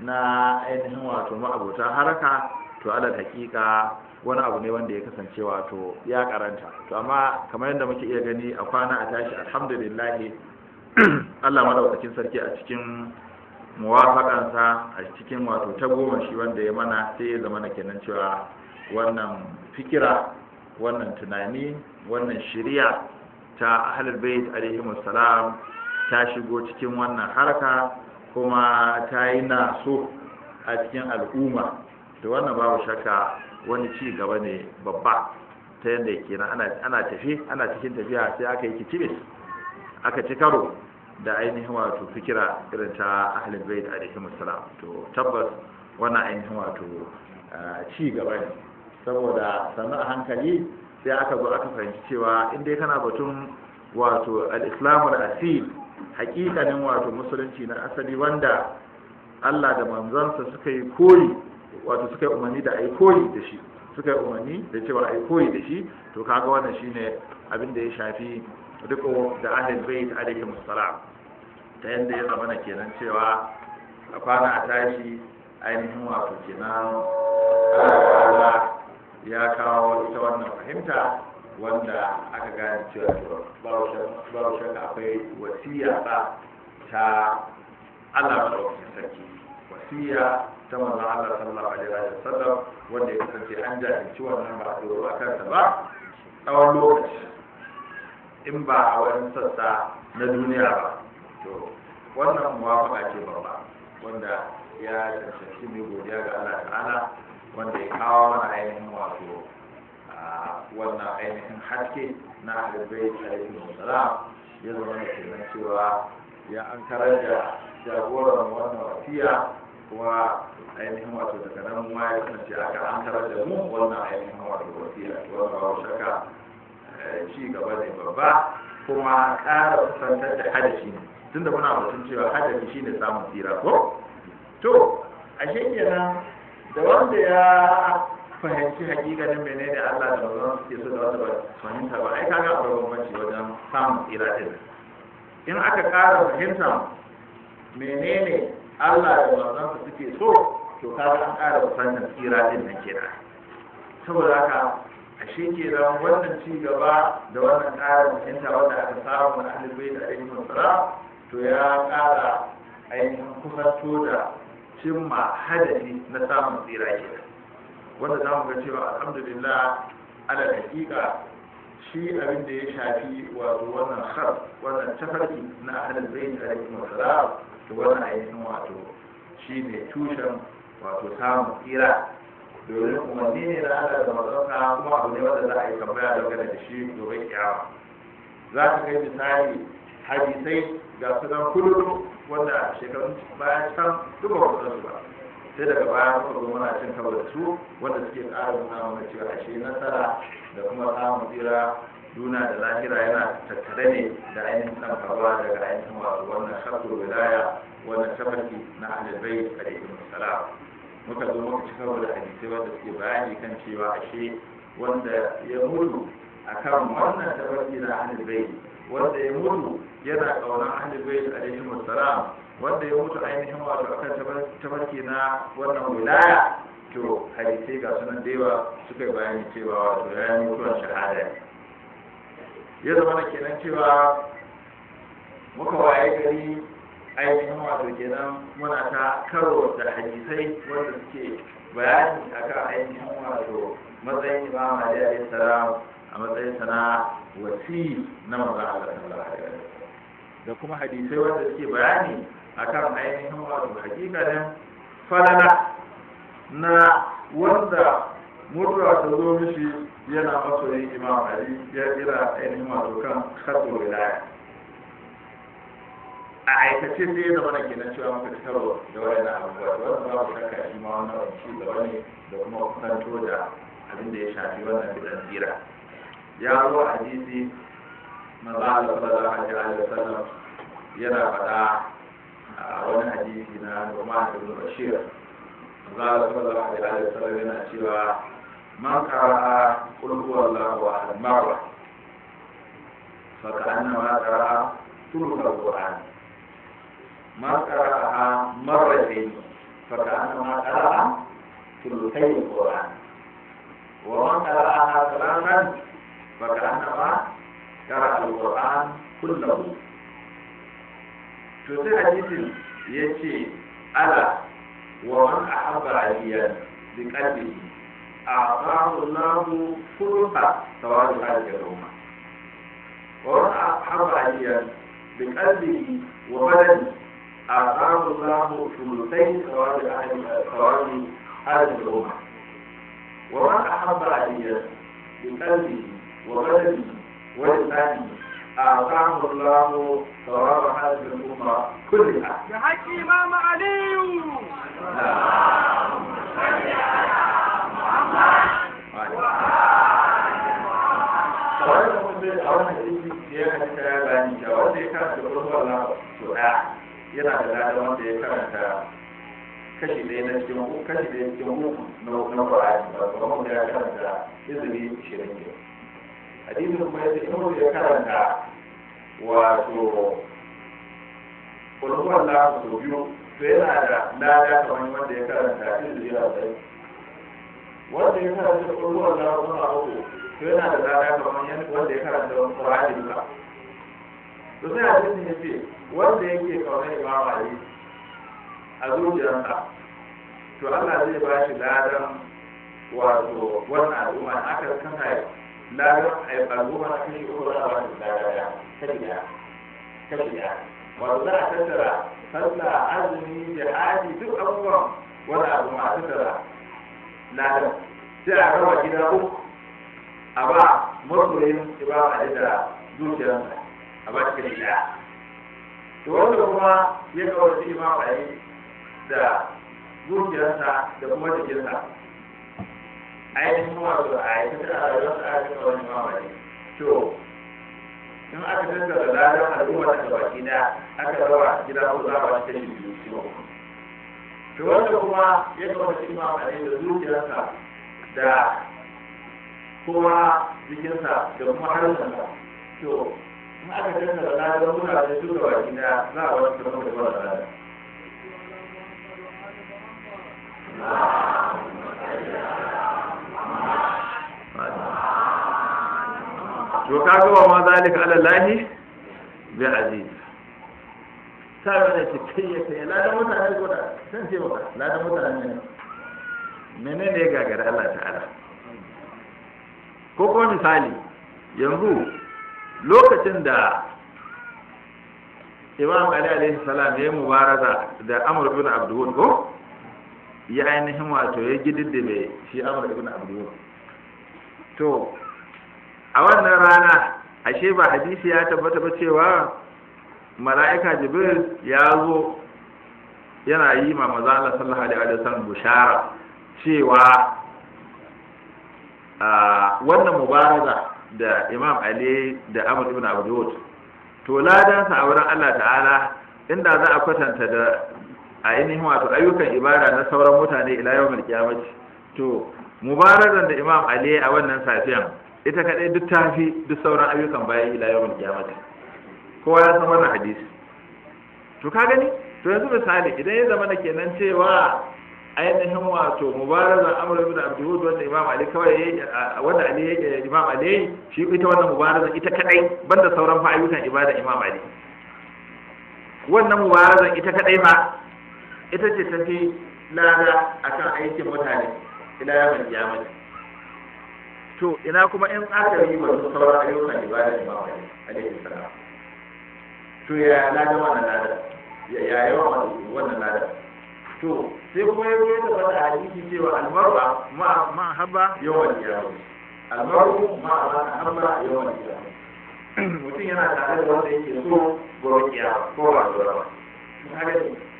na ainihin wato ma'abota haraka to alal hakika wani abu ne wanda ya kasance wato ya karanta to amma kamar yadda muke iya gani a kwana a tashi alhamdulillah Allah madaukakin sarki a cikin muwafaƙansa a cikin wato ta goma shi wanda ya mana sai ya zama kenan cewa wannan fikira wannan tunani wannan shiriya ta ahlul bait alaihi salam ta shigo cikin wannan harka kuma ta yi naso a cikin al'umma da wannan babu shakka wani ci gaba ne babba ta yadda kenan ana ana tafi ana cikin tafiya sai aka yi kicibe aka ci karo da ainihin wato fikira irin ta bai da alaihi salam to tabbas wani ainihin wato ci gaba ne saboda sannu a hankali sai aka zo aka fahimci cewa in dai kana batun wato Al'islamu da al-asil hakikanin wato musulunci na asali wanda Allah da manzansa suka yi kori. wato suka yi umarni da a yi koyi da shi suka yi umarni da cewa a yi koyi da shi to kaga wannan shine abin da ya shafi duk da ahlul bait alaihi musallam ta yanda ya zama kenan cewa a kwana a tashi ainihin wato kenan Allah ya kawo ita wannan fahimta wanda aka gane cewa babu shakka akwai wasiya ta Allah sarki wasiya ta manzon Allah sallallahu alaihi wa sallam wanda ya kasance an jahilci wannan ba a doro a kansa ba tsawon lokaci in ba a wani sassa na duniya ba to wannan muwafaka ce babba wanda ya cancanci mai godiya ga Allah ta'ala wanda ya kawo mana ainihin wato wannan ainihin haske na halibai alaihi wasalam ya zama da kenan cewa ya an karar da jagoran wannan wasiya kuma ainihin wato daga nan ma ya kasance aka an karar da mu wannan ainihin wato wasiya wannan babu shaka? Eh, ci gaba ne babba kuma ƙara kusantar da hadashi ne tunda muna mutum cewa hadashi shine samun tsira ko to ashe kenan da wanda ya fahimci hakikanin menene Allah da wannan suke so da wanda ba fahimta ba ai kaga akwai bambanci wajen samun tsira din in aka ƙara fahimta menene Allah da manzansa suke so to ka an ƙara kusantar tsira din nan kenan saboda haka ashe kenan wannan ci gaba da wannan ƙarin fahimta wanda aka samu na alibai da ainihin masara to ya ƙara ainihin kusanto da cimma hadari na samun tsira kenan wanda za mu ga cewa alhamdulillah ala hakika shi abin da ya shafi wato wannan har wannan tafarki na ahlul bayt alaihi wasallam to wannan ainihin wato shi ne tushen wato samun tsira domin ni ne na aka da mazauka kuma abu ne wanda za a yi tambaya dangane da shi domin kyawa za ka kai misali hadisai ga su nan kullum wanda shekarun bayan can duka kusan su ba sai daga baya muka zo muna cin kawo da su wanda suke tsarin namun mana cewa ashe nasara da kuma samun tsira duna da lahira yana tattare ne da ainihin ɗan faruwa daga ainihin wato wannan shakul wilaya wannan tafarki na alibai a daidai musala muka zo muka ci karo da hadisai wanda suke bayani kan cewa ashe wanda ya mutu akan wannan tafarki na alibai wanda ya mudu yana ƙaunar alibai a daidai musala wanda ya mutu ainihin wato akan tafarki na wannan wilaya to hadisai ga sunan da yawa suka bayani cewa wato ya mutuwar shahada ya zama na kenan cewa muka waye gari ainihin wato kenan muna ta karo da hadisai wanda suke bayani akan ainihin wato matsayin imam ali alayhi salam a matsayin sana wasi na manzon Allah sallallahu alaihi da kuma hadisai wanda suke bayani akan ainihin wato hakikanin falala na wanda murra ta zo mishi yana masoyin imam ali ya kira ainihin wato kan karɓar wilaya a aikace sai ya zama na kenan cewa muka ci karo da wayannan abubuwa da wannan babu shakka shi ma wannan ci gaba ne da kuma kusanto da abin da ya shafi wannan bidan tsira ya zo a hadisi maza Allah sallallahu alaihi wa sallam yana faɗa a wani hadisi na Umar ibn Bashir maza Allah sallallahu alaihi wa sallam yana cewa من قرأ قل هو الله أحد مرة فكأنما قرأ ثلث القرآن من قرأها مرتين فكأنما قرأ ثلثي القرآن ومن قرأها ثلاثا فكأنما قرأ القرآن كله تصير حديث يأتي على ومن أحب عليا بقلبه أعطاه الله فرصة ثواب هذه الأمة ورأى حرب عليا بقلبه وبدنه أعطاه الله ثلثين ثواب سواد هذه الأمة ومن حرب عليا بقلبه وبدنه ولسانه أعطاه الله ثواب هذه الأمة كلها. يا حكي إمام علي. نعم. a wannan ciki ya halitta ya bani da wanda ya karanta kurkuwar na so ɗaya yana da lada wanda ya karanta kashi ɗaya na cikin uku kashi ɗaya cikin uku na ƙwararri wato kamar da ya karanta izini ishirin ke hadisin kuma ya ce in ya karanta wato kurkuwar na so biyu to yana da lada kamar wanda ya karanta izini ya wanda ya karanta kurkuwar na so na uku to na da rana kamar yan wanda ya karanta Qur'ani ba to sai hadisin yace wanda yake kaunar Imam Ali a zuciyarsa to Allah zai ba shi ladan wato wannan al'umma aka kana ladan al'umma ba za a a a ba a da zuciyar a ba cikin ila to wanda kuma ya ga wasu imama yi da zuciyarsa da kuma jikinsa ainihin wato a yi ta da wasu ainihin wani imama ne to in aka dinga da ladan al'umma da baki da aka rawa gida ko za a cikin biyu ciwo to wanda kuma ya ga wasu imama ne da zuciyarsa da kowa jikinsa da kuma harshensa to in aka canza da na don muna da su da baki na za a wani kamar da ba da rana to ka ga wa ma zalika ala lahi bi aziz sai wani ce kai ya kai ladan mutane ko da san ce maka ladan mutane menene ya gagara Allah ta'ala ko kuma misali yanzu lokacin da imam ali alaihi salam ya yi mubaraza da amr ibn abdul ko ya ainihin wato ya gididdibe shi amr ibn abdul to a wannan rana ashe ba hadisi ya tabbata ba cewa mala'ika jibril ya zo yana yi ma maza Allah sallallahu alaihi wasallam bushara cewa ah, wannan mubaraza da imam ali da amr ibn dawud to ladansa a wurin allah ta'ala inda za a kwatanta da a ainihin wato ayyukan ibada na sauran mutane ila yawon kiyamaci to mubarazan da imam ali a wannan safiyan ita kadai duk tafi duk sauran ayyukan bayan ila yawon kiyamaci kowa ya san wannan hadisi to ka gani to yanzu misali idan ya zama na kenan cewa ainihin wato mubaraza da ibn abdul wanda imam ali kawai wanda ali yake imam ali shi ita wannan mubaraza ita kadai banda sauran fa ayyukan ibada imam ali wannan mubaraza ita kadai fa ita ce ta fi lada akan aikin mutane ila mai kiyamati to ina kuma in aka yi wasu sauran ayyukan ibada imam ali alaihi salam to ya lada wannan lada ya yawa wannan lada to sai kuma ya zo da fada hadisi cewa almar'a ma ma haba yawan yawo almar'u ma ma haba yawan yawo mutum yana tare da wanda yake so gurin yawo ko ba zuwa ba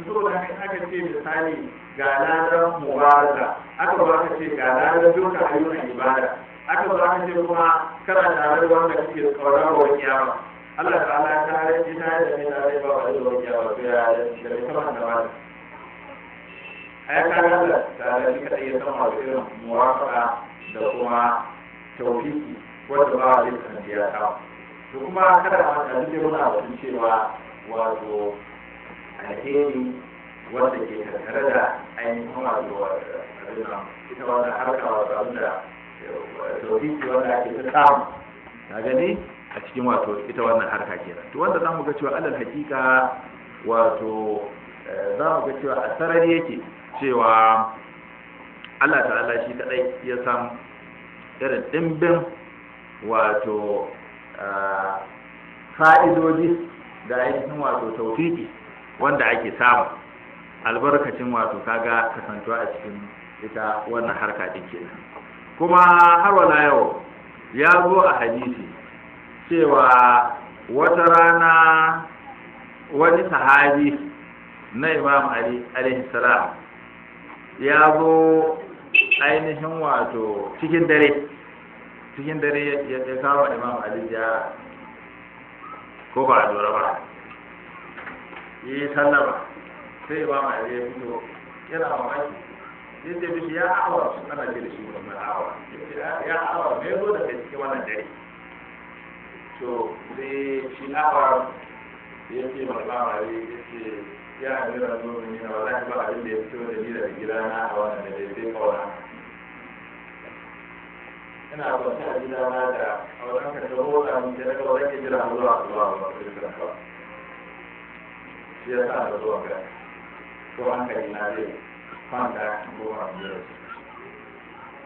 so da aka ce misali ga ladan mubaraka aka ba ka ce ga ladan duka ayyukan ibada aka ba ka ce kuma kana tare da wanda kake tsoron ruwan yawa Allah ta'ala ta rage ta da mai tare ba ba da ruwan yawa to ya da kamar da ba ai ka Allah ta shi kadai ya san masu irin muwafaka da kuma tawfiki wanda ba zai san ya ta to kuma kada ma da ji muna batun cewa wato alheri wanda ke tattare da ainihin wato ita wannan harka wato abin da eh, tawfiki wanda ake ta samu ka gani a cikin wato ita wannan harka kenan to wanda zamu ga cewa alal hakika wato eh, za mu ga cewa a sarari yake cewa Allah ta'ala shi kadai ya san irin dimbin wato fa'idoji da ainihin wato tawfiki wanda ake samu albarkacin wato kaga kasantuwa a cikin ita wannan harka din kenan kuma har wala yau ya zo a hadisi cewa wata rana wani sahabi na imam ali alaihi salam ya zo ainihin wato cikin dare cikin dare ya kama imam ali ya ko ba a dora ba ya yi sallama sai ba ma ya fito yana mamaki sai zai fito ya awa su ana jiri shi shi wannan awa ya awa me zo da kai cikin wannan dare to sai shi awa ya ce ma imam ma ya ce ya amira al-mu'minin wallahi ba abin da ya fito da ni daga gidana a wannan da dai-dai sai kauna ina kwance a gidana da auren ka da hoda mun da daga wanda ke jira zuwa zuwa ba sai ka ba shi ya sa da zuwa ka ko an ka ina dai ka ko ma jira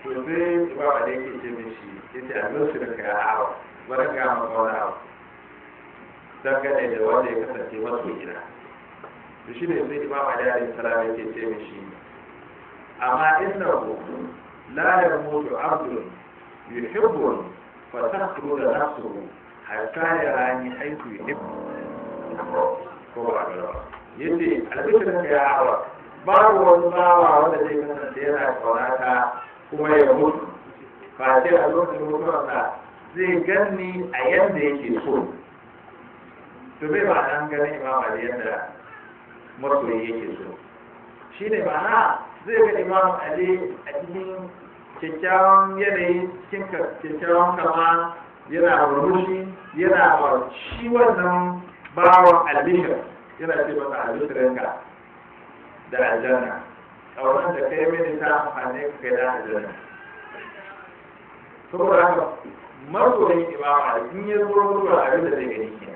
to sai ba da yake ce mishi yace a su da a ka gama barka ma kauna dangane da wanda ya kasance gida. to shi ne sai imam ali alayhi salam yake ce mishi amma innahu la yamutu abdun yuhibbu fa taqulu nafsuhu hatta yarani haythu yuhibbu ko ba ba yace albishirin ka ya hawa babu wani bawa wanda zai kasance yana kaunata kuma ya mutu fa sai a lokacin mutuwarsa zai ganni a yadda yake so to bai ba an gani imam ali yadda ya yake so shi ne ma'ana zai ga imam ali a cikin kyakkyawan yanayi cikin kyakkyawan kama yana rushi yana ba shi wannan bawan albishir yana ce masa albishirinka da aljanna ƙaunar da kai mini ta amfani ka kai da aljanna saboda haka masoyin imam ali in yi zuwa zuwa abin da zai gani kenan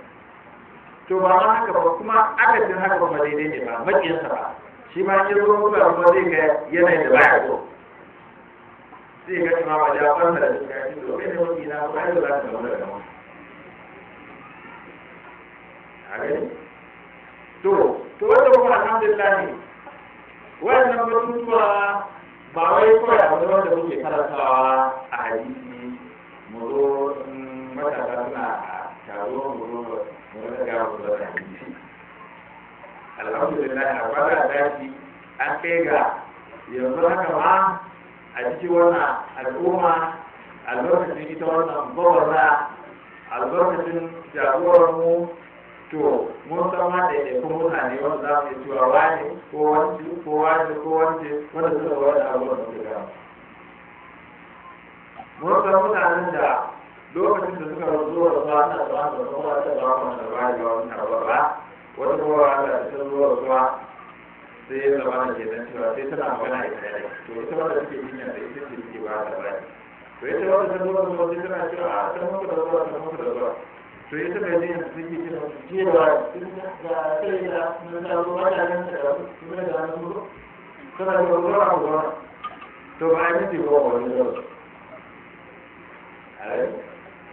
to ba ma haka ba kuma adadin haka ba daidai ne ba maƙiyarsa ba shi ma in ruwan kula kuma zai ga yanayi da baya so zai ga ma ba da fanta da suka yi to bai da wani na ba da za ta gamu da gamu to wanda kuma alhamdulillah ne wannan batutuwa ba wai kawai abu da wanda muke karantawa a hadisi mu zo matasa suna alhamdulillah a fara daji an kai ga yanzu haka ma a cikin wannan al'umma albarkacin ita wannan bawarra albarkacin jagorar mu to mun san ma da yake kuma mutane wanda za mu cewa wani ko wani ko wani ko wani wanda suka wani abubuwan da suka mun san mutanen da lokacin da suka zuwa rasuwa ta ba da kuma ta ba mu da ba da wani abara wata kuma ta ta zuwa rasuwa sai ya zama da kenan cewa sai tana magana ita ne to ita wanda take jinya da ita ce take ba da ba to ita wanda ta zuwa rasuwa sai tana cewa a ta mutu da zuwa ta mutu da zuwa to ita bai jinya da take cewa cewa da sai da mun da ruwa da nan da mun da nan ruwa tana da ruwa a ruwa to ba a yi ce ba wani ruwa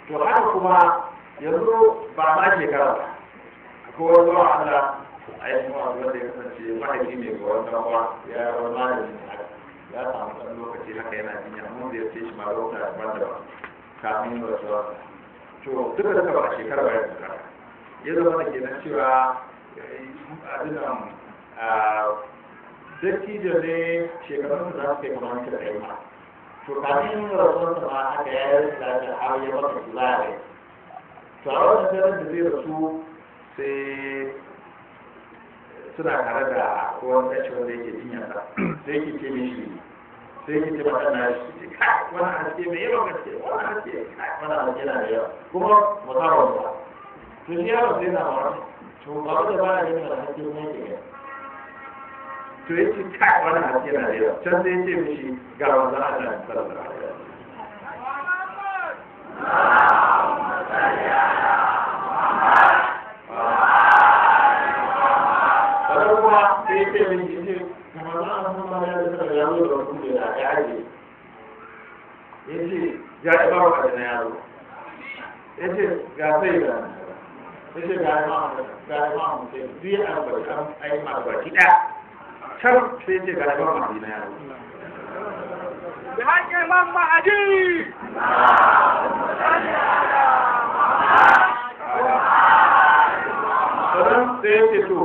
to haka kuma yanzu ba ma shekara ba ko wani zuwa Allah a yi kuma wanda ya kasance mahaifi ne ga wani rawa ya yi wani malami ya samu ɗan lokaci haka yana jinya mun da ya ce shi ma lokuta daban daban wasu wasu to duka da ba a shekara ba ya kuka ya zama da kenan cewa abinan ah, dattijo ne shekarun da za su kai kamar kira ɗaya to kafin rasuwar sa ma haka ya yi lafiya har ya masa kuzari to a wannan daren da zai rasu sai suna tare da kowane ɗaci wanda yake jinya sa sai yake ce mishi sai yake ce mata na shi wani haske mai yawan gaske wani haske wani haske na da yawa kuma musamman ba to shi yaro sai na wani to ba da ba a yi masa haske mai to ya ce kai wani haske na da yawa can sai ya ce mishi ga wanzan Allah kuma sai ya ce da wasu da ya ce ya yaro ya ce ga sai ya ga mutum yi छठ सेचे गजबा Medina Bihar के इमाम महाजी सदन से चितु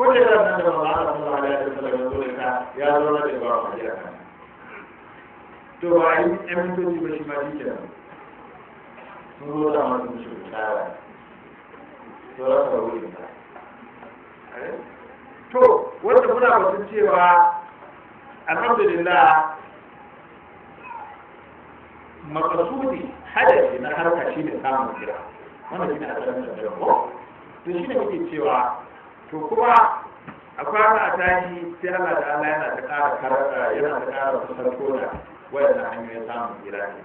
कुछ जगह में जब बात करने वाले हैं तो लगे तो लिखा यार लोग ने जवाब दिया था तो भाई एम तो जी बड़ी माजी चलो मुझे तो हमारे मुझे बिठाया है थोड़ा सा वही बिठाया to wanda muna batun cewa alhamdulillah makasudi hadari na harka shi ne samun jira wannan shi ne asalin da ko to shi ne muke cewa to kuma a kwana a tashi sai Allah da Allah yana ta ƙara karanta yana ta ƙara sarko da wayannan hanyoyin samun jira ne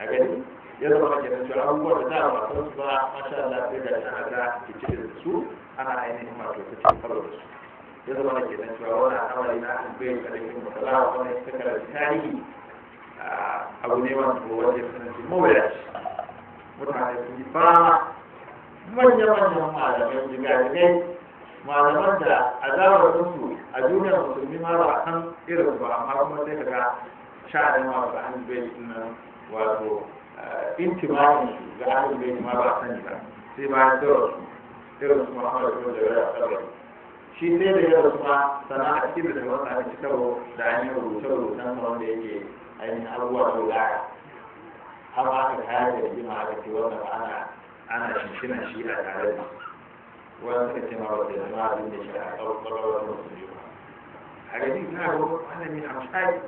a gani ya zama kenan cewa abubuwan da za a ba su ba masha Allah sai ga shi haka ke cikin su ana ainihin masu cikin karo da su ya zama da ke nan cewa wani al'amari na an bai da rikin masala wani suka da tarihi abu ne masu kowace sanarci mawuyaci mutane sun yi fama manya-manyan malamai jigajigai malaman da a zamaninsu a duniyar musulmi ma ba a san irin ba amma kuma sai ka ga sha'anin ma ba an bai nan wato intimatin ga an bai ma ba a sani ba sai bayan tsoro irin su Muhammad ibn Jarir al-Tabari shi sai da ya rufa sana a cikin da wata a cikin da an yi rubuce rubutan sa wanda yake ainihin abubuwa da wulaya har ma aka kayar da rigima aka ce wanda ba ana ana shinshina shi a tare da wanda suka ce ma wanda ya zama abin da shi a ƙarƙarar wani musulmi ba a gani na rubuta wani mai amshari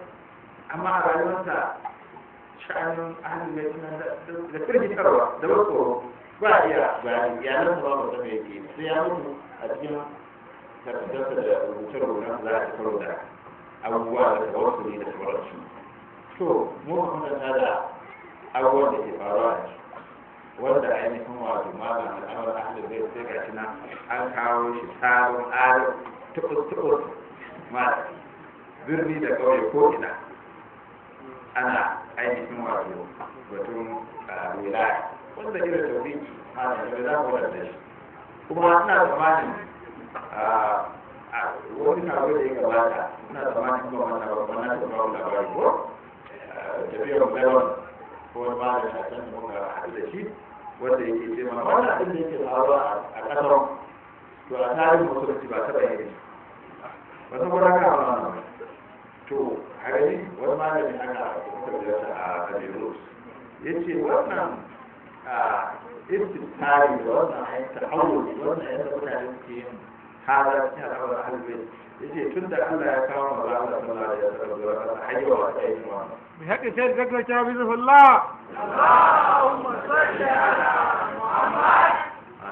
amma a rayuwarsa sha'anin ahalin mai da firgitarwa da wasu ba iya bayani iyalan ba ba ta yake sai ya mutu a cikin tafitarsa da rubuce rubutan za a karo da abubuwa da tawassuli da sauransu to mu kwatanta da abubuwan da ke faruwa da shi, wanda ainihin wato da al'amar ahlul bai sai gashi nan an kawo shi sabon aro tukus tukus ma birni da kauye ko ina ana ainihin wato batun ah, wilaya wanda irin tauhidi a da za ku wadda shi kuma ina tsammanin wani da ya gabata ina tsammanin kuma wata babban na taɓa wani labari ko eh, tafiyar bayan ko wani ba da shakan mu muka haɗu shi wanda yake ce mana wannan abin da yake faruwa a ƙasar to a tarihin musulunci ba taɓa yin shi ba san wani haka ba to hari wani malami haka a kuma kabila a kabilu ya ce wannan ابتدائي لون تحول لون هذا تحول اهل البيت بهك سيد ذكر الشباب يزف الله اللهم صل على محمد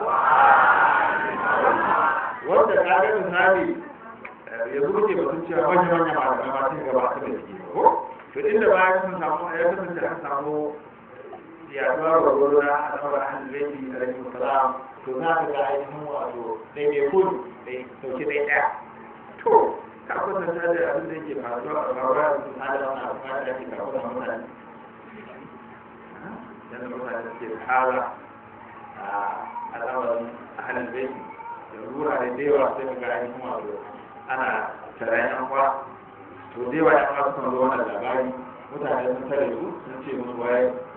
وعلى محمد وانت تعلم هذه يزوج بسنشا وجه وجه مع الجماعة في الجماعة في الجماعة في الجماعة في الجماعة في الجماعة yaduwa gwargwaro na asabar halibaiti da rajin salam to za ka ga ainihin wato daidai kudu da sauki dai ɗaya to ka kwatanta da abin da yake faruwa a faruwa da sun hada wani abu da ake karɓar da mutane dan mutane ke hala a al'amarin halibaiti da wurare da yawa sai ga ainihin wato ana tarayen an kwa to da ya kwa sukan zo wannan labari mutane sun tare su sun ce musu wayar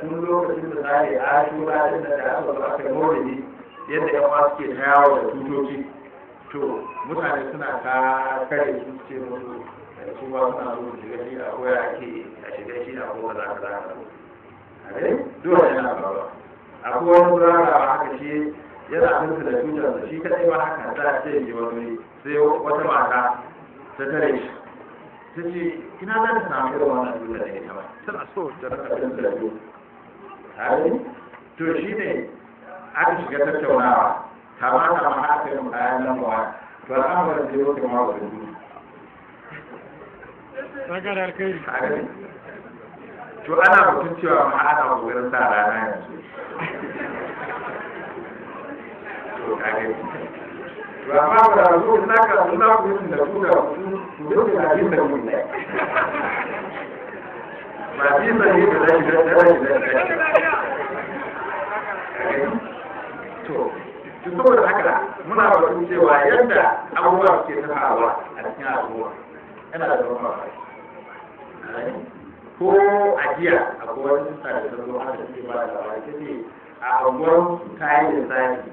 tun lokacin da zai a shura din da aka zo aka mori yadda yan uwa suke tayawa da tutoci to mutane suna ta kare su ce musu eh, su ba suna so su shiga shi a koya ake a shiga shi a kowa za ka za ka a gani dole yana faruwa akwai wani ba haka shi yana mutu da tutar shi kadai ba haka za a ce yi wani sai wata mata ta tare shi ta ce ina za ta samu irin wannan allura da ita ba tana so ta rasa kudin da to shi ne aka shiga tattaunawa kama kama har aka yi kayan lambawa to al'amuran da yau kama wa rubu sakarar kai to ana mutum cewa ma ana kokarin sa rana yanzu to kage to amma ba da zuwa na ka zuwa ku yin da ku da ku duk da abin da mun ne ba abin da ne da zai da zai to saboda haka muna batun cewa yadda abubuwa ke tafawa a cikin abubuwa yana da ban mamaki ko a jiya akwai wani sista da ta zo aka ce ba da labari ta a anguwar kayan yi da tsari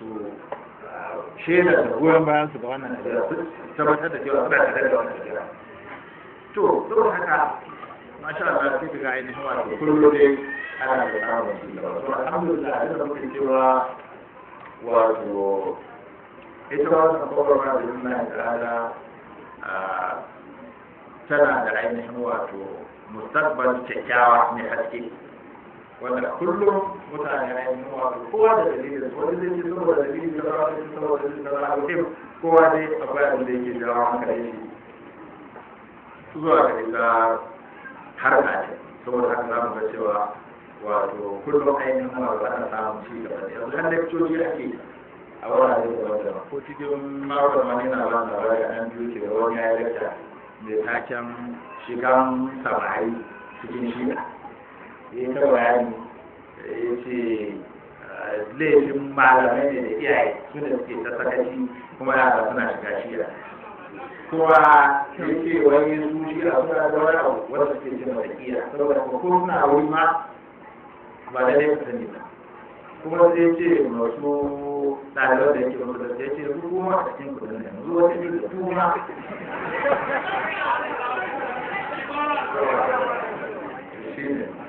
su uh, shaida da goyon bayan su ga wannan ajiyar su tabbatar da cewa suna tare da wannan ajiyar to saboda haka masha Allah sai kaga ainihin wato kullu dai ana da kawo to alhamdulillah da muke cewa wato ita wannan kokarwa da Allah ta'ala uh, tana da ainihin wato mustaqbal kyakkyawa mai haske wanda kullum mutane ya yi nuna kowa da dalilin wani zai ji saboda dalilin da ba su saboda dalilin da ba su kowa dai da abin da yake jawo hankali ne zuwa ga ita harka ce saboda haka za mu ga cewa wato kullum ainihin wato ana samun ci gaba da yanzu har lekcoci ake a wurare daban-daban ko cikin makon ma yana ba da labari an biyu ke da wani ya yi lekta mai taken shigan samari cikin shiga ya ta bayani ya ce ah, laifin malamai ne da iyaye su da suke ta sakaci kuma yara suna shiga shira kuma ya ce wani su shira suna da wani abu wanda suke cin wata saboda ko suna wuri ma ba da laifin sani ba kuma sai ce masu ɗalibar da yake masu da ya ce su kuma a cikin kudin da yanzu wata ne da tuma shi ne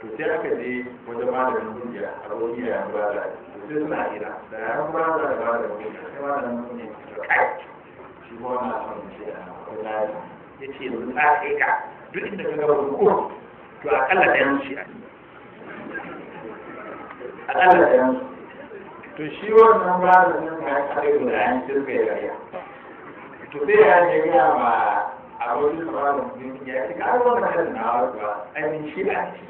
to sai aka je wajen malamin kungiya aboki ya ba bada to sai suna ira da ya yan bada da bada kungiya sai malamin kungiya ya kai shi ma na son ce a kwallaye ya ce yanzu ta kai ka duk inda ka gaba ruku to akalla ɗayan shi a akalla ɗayan to shi wannan malamin ya kare da yan sirka ya to sai ya ne gaya ma ba malamin kungiya ya ce ka wannan kan na wa ba shi a ciki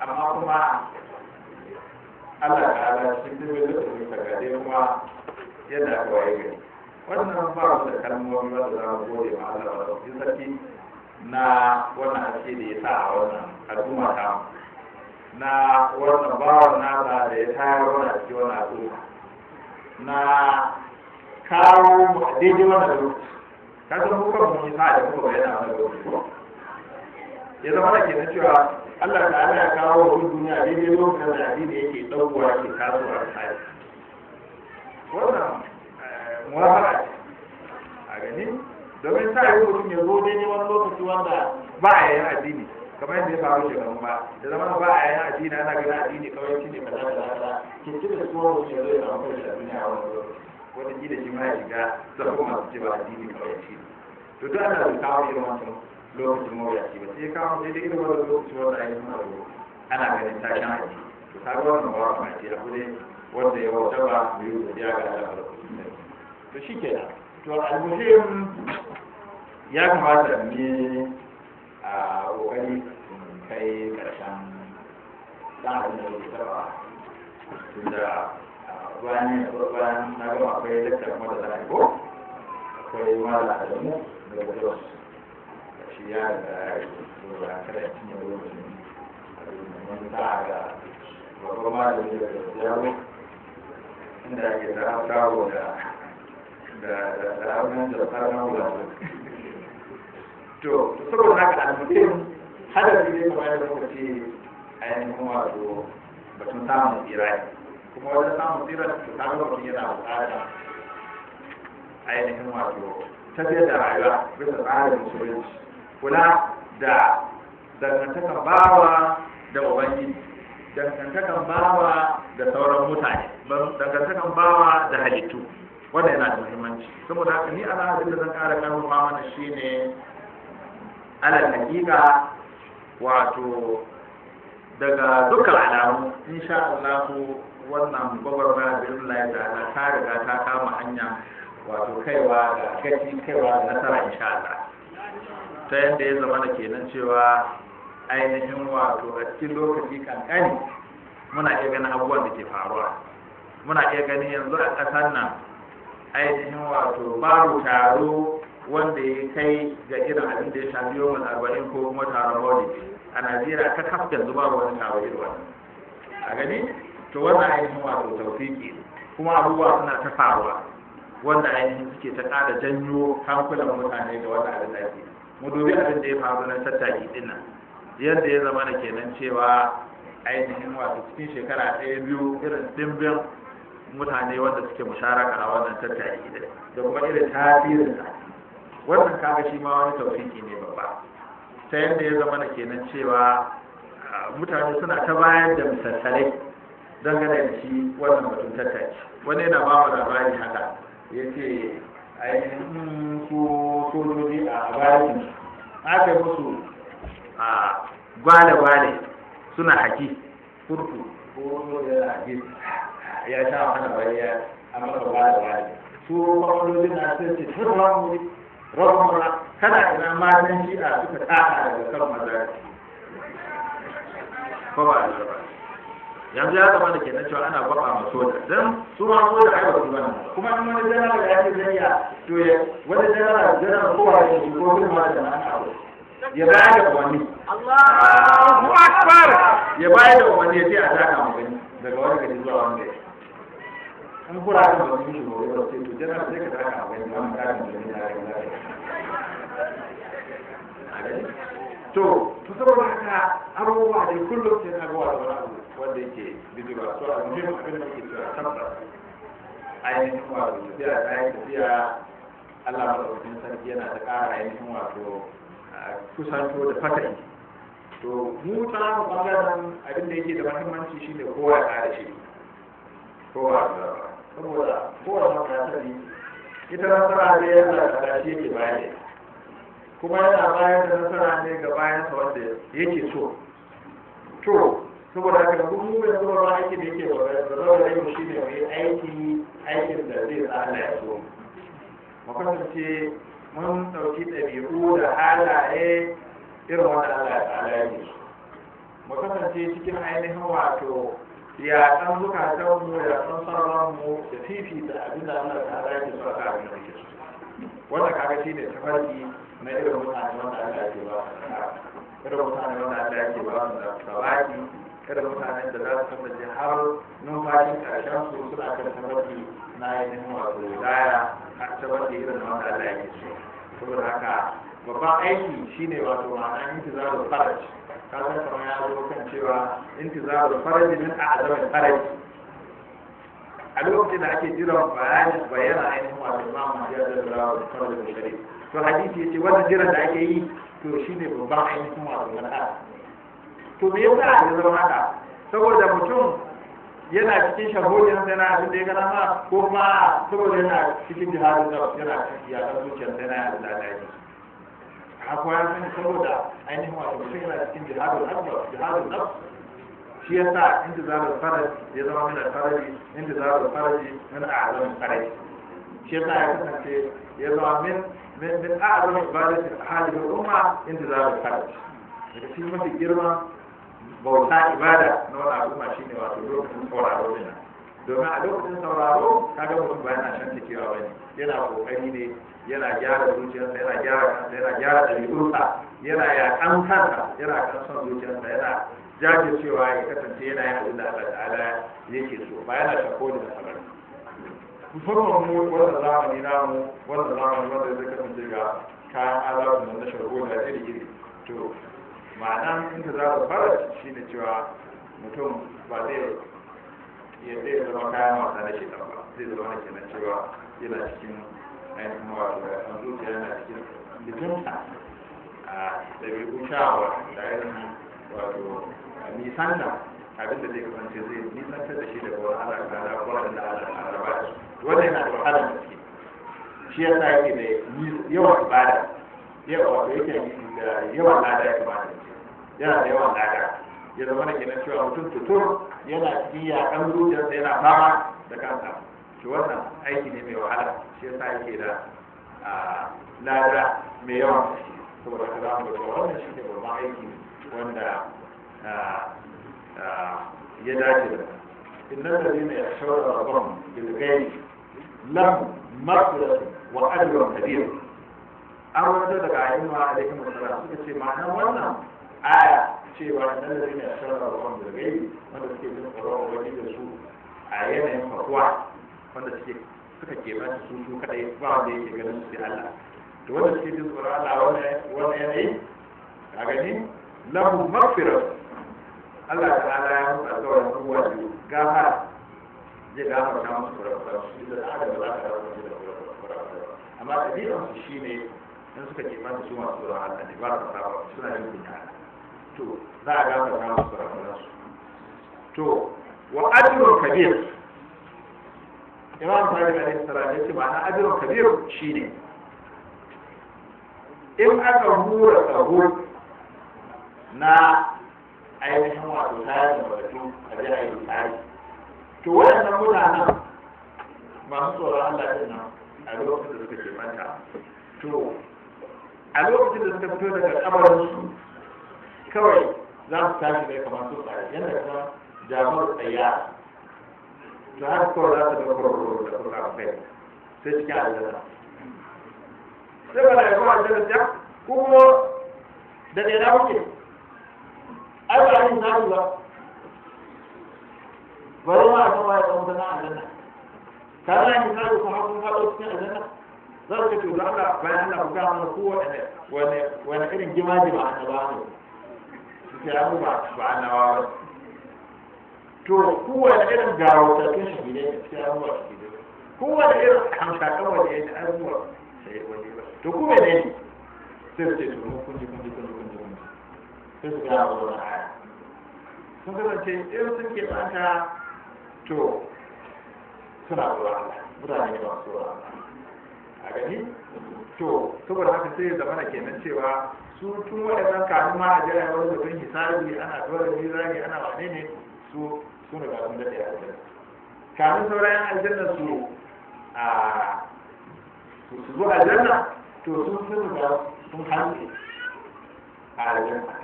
amma kuma Allah ta ala shi duk wani lokacin daga dai kuma yana kawai gari wannan ba su da kalmomi ba da za mu gode ma Allah ba su sarki na wannan ake da ya sa a wannan al'umma ta na wannan bawan na da ya tayar wannan cikin wannan al'umma na kawo daidai wannan lokaci ka san kuka mun yi sa da kuka bayyana wannan lokaci ya zama da ke na cewa Allah ta ala kawo wa duniya dai lokacin da addini yake ɗaukowa ke tasowa a tsari wannan eh, ce. a gani domin sa yi mutum ya zo dai wani lokaci wanda ba a yin addini kamar yadda ya faru shekaru ba da zama ba a yin addini ana ganin addini kawai shi ne kaza da kaza ke ci da suwa mutum ya zo ya samu kai da duniya a wani lokaci wata kila shi ma ya shiga da masu ce ba addini kawai shi to duk ana da kawo irin wancan lokacin mawuya ce ba sai ka hau sai dai irin wannan lokacin wanda ayi suna zo ana ganin ta kan aiki to ka ga wannan wawa ma ce abu wanda ya wata ba biyu da ya ga da to shi ke to al-muhim ya kamata ne a kokari kai karshen dan da ya ba. tunda bayan bayan na gama akwai lakta kuma da zai ko akwai wasu gaskiya da dora kada ya cinye lokacin wani sa'a da babban malami da gaskiya inda ake da hautawa da da abin da fara wula to saboda haka almutum hadari ne kuma da lokaci a yankin wato batun samun tsirai kuma wajen samun tsirai su samun lokacin yana bukata a yankin wato tafiyar da rayuwa bisa tsarin musulunci kula da dangantakan bawa da ubangiji dangantakan bawa da sauran mutane dangantakan bawa da halittu wanda yana da muhimmanci saboda haka ni ana da zan kara ma mana shine alal hakika wato daga dukkan alamu insha Allah wannan gwagwarmaya da Allah ya ta riga ta kama hanya wato kaiwa ga gaci kaiwa da nasara insha Allah ta yadda ya zama da kenan cewa ainihin wato a cikin lokaci kankani muna iya ganin abubuwan da ke faruwa muna iya ganin yanzu a ƙasar nan ainihin wato babu taro wanda ya kai ga irin abin da ya shafi yawan arba'in ko kuma taron maulidi a najeriya ta kaf yanzu babu wani taro irin wannan a gani to wannan ainihin wato taufiki kuma abubuwa suna ta faruwa wanda ainihin suke ta ƙara janyo hankulan mutane da wannan abin da ake mu dubi abin da ya faru na tattaki din nan yadda ya zama na kenan cewa ainihin wato cikin shekara ɗaya biyu irin dimbin mutane wanda suke musharaka a wannan tattaki din da kuma irin tasirin sa wannan kaga shi ma wani tausiki ne babba ta yadda ya zama na kenan cewa mutane suna ta bayar da misalsalai dangane da shi wannan batun tattaki wani yana ba mu labari haka ya ce ainihin su a bariki aka yi musu a gwale-gwale suna haki kurku ko a ya sha bari ya amma gwale-gwale su na sun ce turwa mu ina matan a suka tsaka daga kan maza ko ba da yanzu ya zama da kenan cewa ana baka ma soja dan su ma ko da aiwa su bane kuma in wani jana da yake zanya to ya wani jana da jana ko wa ya shi ko kuma da jana aka aure ya bayar da umarni Allahu akbar ya bayar da umarni ya ce a taka mu gani daga wani gari zuwa wani gari an kura da wani shi ne wani sai to jana sai ka taka mu gani amma taka mu gani na gani to to saboda haka abubuwa da kullum sai na ga wani abu wanda yake bidiyo to a yi abin da yake a tabbas ainihin wato tafiya kayan tafiya Allah maɗaukakin sarki yana da ƙara wato kusanto da fatai. to mu ta mu ɓangaren abin da yake da muhimmanci shine kowa ya ƙara shi kowa saboda kowa ma ta ita nasara ne Allah ta shi yake bayani kuma yana bayar da nasara ne ga bayan sa wanda yake so to saboda haka duk mu da zuwa ba aiki da yake wa da zuwa da yau mai aiki aikin da zai tsala ya so mu ce mun dauki ɗabi'u da halaye irin wanda Allah ya tsala ya ne mu ce cikin ainihin wato ya san zukatan mu ya san sarran mu da fifita abin da Allah ya tsala ya ke so a kan da yake so wannan kaga shi ne ta farki na irin mutane wanda Allah yake ba su irin mutane wanda Allah yake ba su da baki irin mutane da za su kasance har numfashin karshen su suna kan tafarki na ainihin wato daya har tafarki irin wanda Allah yake so saboda haka babban aiki shine wato ma'ana intizarul faraj ka san kamar ya zo kan cewa intizarul faraj min a'zamil faraj a lokacin da ake jiran bayanin bayana ainihin wato imamu ya da rawa da kawai da shari to hadisi yace wannan jiran da ake yi to shine babban ainihin wato sana'a to me yasa ya zama haka saboda mutum yana cikin shahodin sai na abin da ya gana ma ko kuma saboda yana cikin jihadin da yana cikin yaƙar zuciyar sai na abin da ya akwai wani saboda ainihin wato mutum yana cikin jihadin nafs jihadin nafs shi ya sa inda za da faraj ya zama min alfaraji inda za da faraji min a'azam faraji shi ya sa ya kasance ya zama min min min a'azam ibadati halin umma inda za da faraji daga cikin mafi girma bauta ibada na wani al'umma shine wato lokacin sauraro mina domin a lokacin sauraro kaga mutum ba yana shan cikewa ba ne yana kokari ne yana gyara zuciyarsa yana gyara kansa yana gyara ɗabi'unsa yana yakan kansa yana kan son zuciyarsa yana cewa ya kasance yana yin abin da Allah ta'ala yake so ba yana shako da sabari musamman mu wanda zamani namu wanda zamani wanda zai kasance ga kayan azabu na shago da iri iri to ma'ana in ka zaba fara shi ne cewa mutum ba zai ya zai zama kayan wasa na shekar ba zai zama na kenan cewa yana cikin ainihin wato da kan zuciya yana cikin jikinsa a ɗabi'u shawar da ainihin wato nisan nan abin da zai kasance zai nisantar da shi daga wani ala kala ko wanda ala kala ba shi wannan yana da wahala da shi ya sa yake da yawan ibada yawa da yake da yawan lada ya kamata yana da yawan lada ya zama da kenan cewa mutum tutur yana cikin yakan zuciyarsa yana fama da kansa shi wannan aiki ne mai wahala shi ya sa yake da lada mai yawan shi saboda haka za mu ga wannan shi ne babban aiki wanda ya dace da inna ladina yashawra rabbahum bil ghaib lam maghfirah wa ajrun kabir an wanda daga ayyuma alaikum wasallam suka ce ma'anar wannan aya cewa inna ladina yashawra rabbahum bil ghaib wanda suke jin tsoron ubangiji da su a yanayin fakuwa wanda suke suka ke ba su su kadai ba wanda yake ganin su sai Allah to wanda suke jin tsoron Allah wannan yanayi a gani lahu maghfirah Allah ta ala ya mutu alƙawarin kowa da gafara zai gafarta ta kurakuran su da suka ce su masu tsoron ne ba su suna yin kunya to za a gafarta musu kurakuran su to wa kabir imam kabir shine in aka hura tsaho na ainihin wato tayar da batu a ji a tsari to waɗannan mutanen masu tsoron Allah ɗin nan a lokacin da suka ke manta to a lokacin da suka fito daga su, kawai za su tashi ne kamar su tsari yadda kuma jamar tsaya to har kawai za su ga kwararro da kuka kai sai cikin da. sai ba da yawa aljanna ta kuma da ɗaya kuke ai ba ni na ba bari ma a san waye tsawon sana aljanna ta ba ni na ko hakun faɗo cikin aljanna za ka ce da Allah bayan Allah ku ga mana ko wani wani wani irin gimaji ba ta ba ne sai ya ba ba annabawa ba to kowane irin gawatattun shahidai ne sai an ba shahidai kowane irin hamsakan waje ya ta an ba sai waje ba to kuma ne sai ce to kun ji kun ji kun ji kun ji sai su gaya sun kasance in sun ke ɓanta to suna tsoron mutane ne masu tsoron a gani to saboda haka sai zamana kenan cewa su tun waɗannan kafin ma a jira wani mutum hisabi ana dole mizani ana wane ne su sun riga sun daɗe a aljanna kanun sauran yan aljanna su a su zo aljanna to sun sun riga sun hanzu a aljanna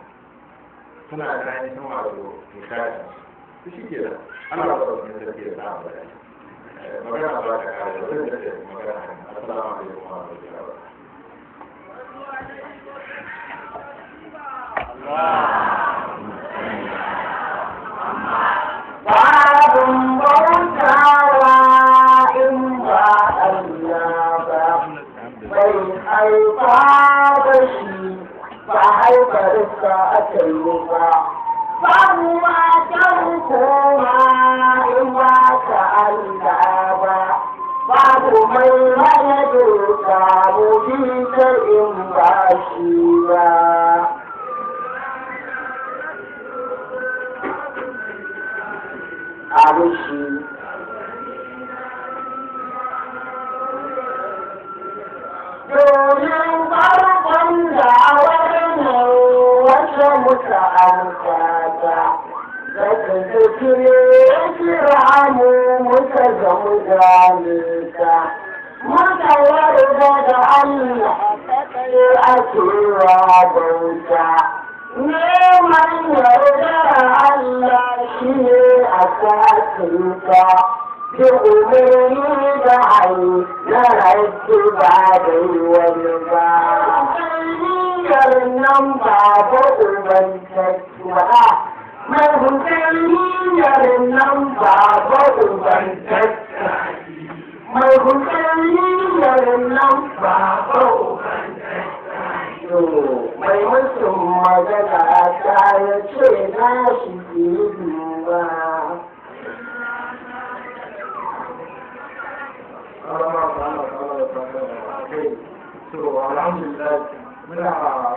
suna da ainihin wato misali su shi ke nan ana da sarki da samun bayani eh, magana ba ta kare da wani da ke magana alaikum wa rahmatullahi wa barakatuh في شيء عشيرا عرشي domin farkon wata muka ta da ka ji kire mu ta. متورد جعلنا لأسرى بوتا neman yaudar Allah shi ne a sasinka ki umarni da hanyi na da yi wani ba. Kalmiyar nan ba ba ubantattuwa, ba mai musulmi na nan ba bau mai mutum magana ta ya ce na shi duba alhamdulillah muna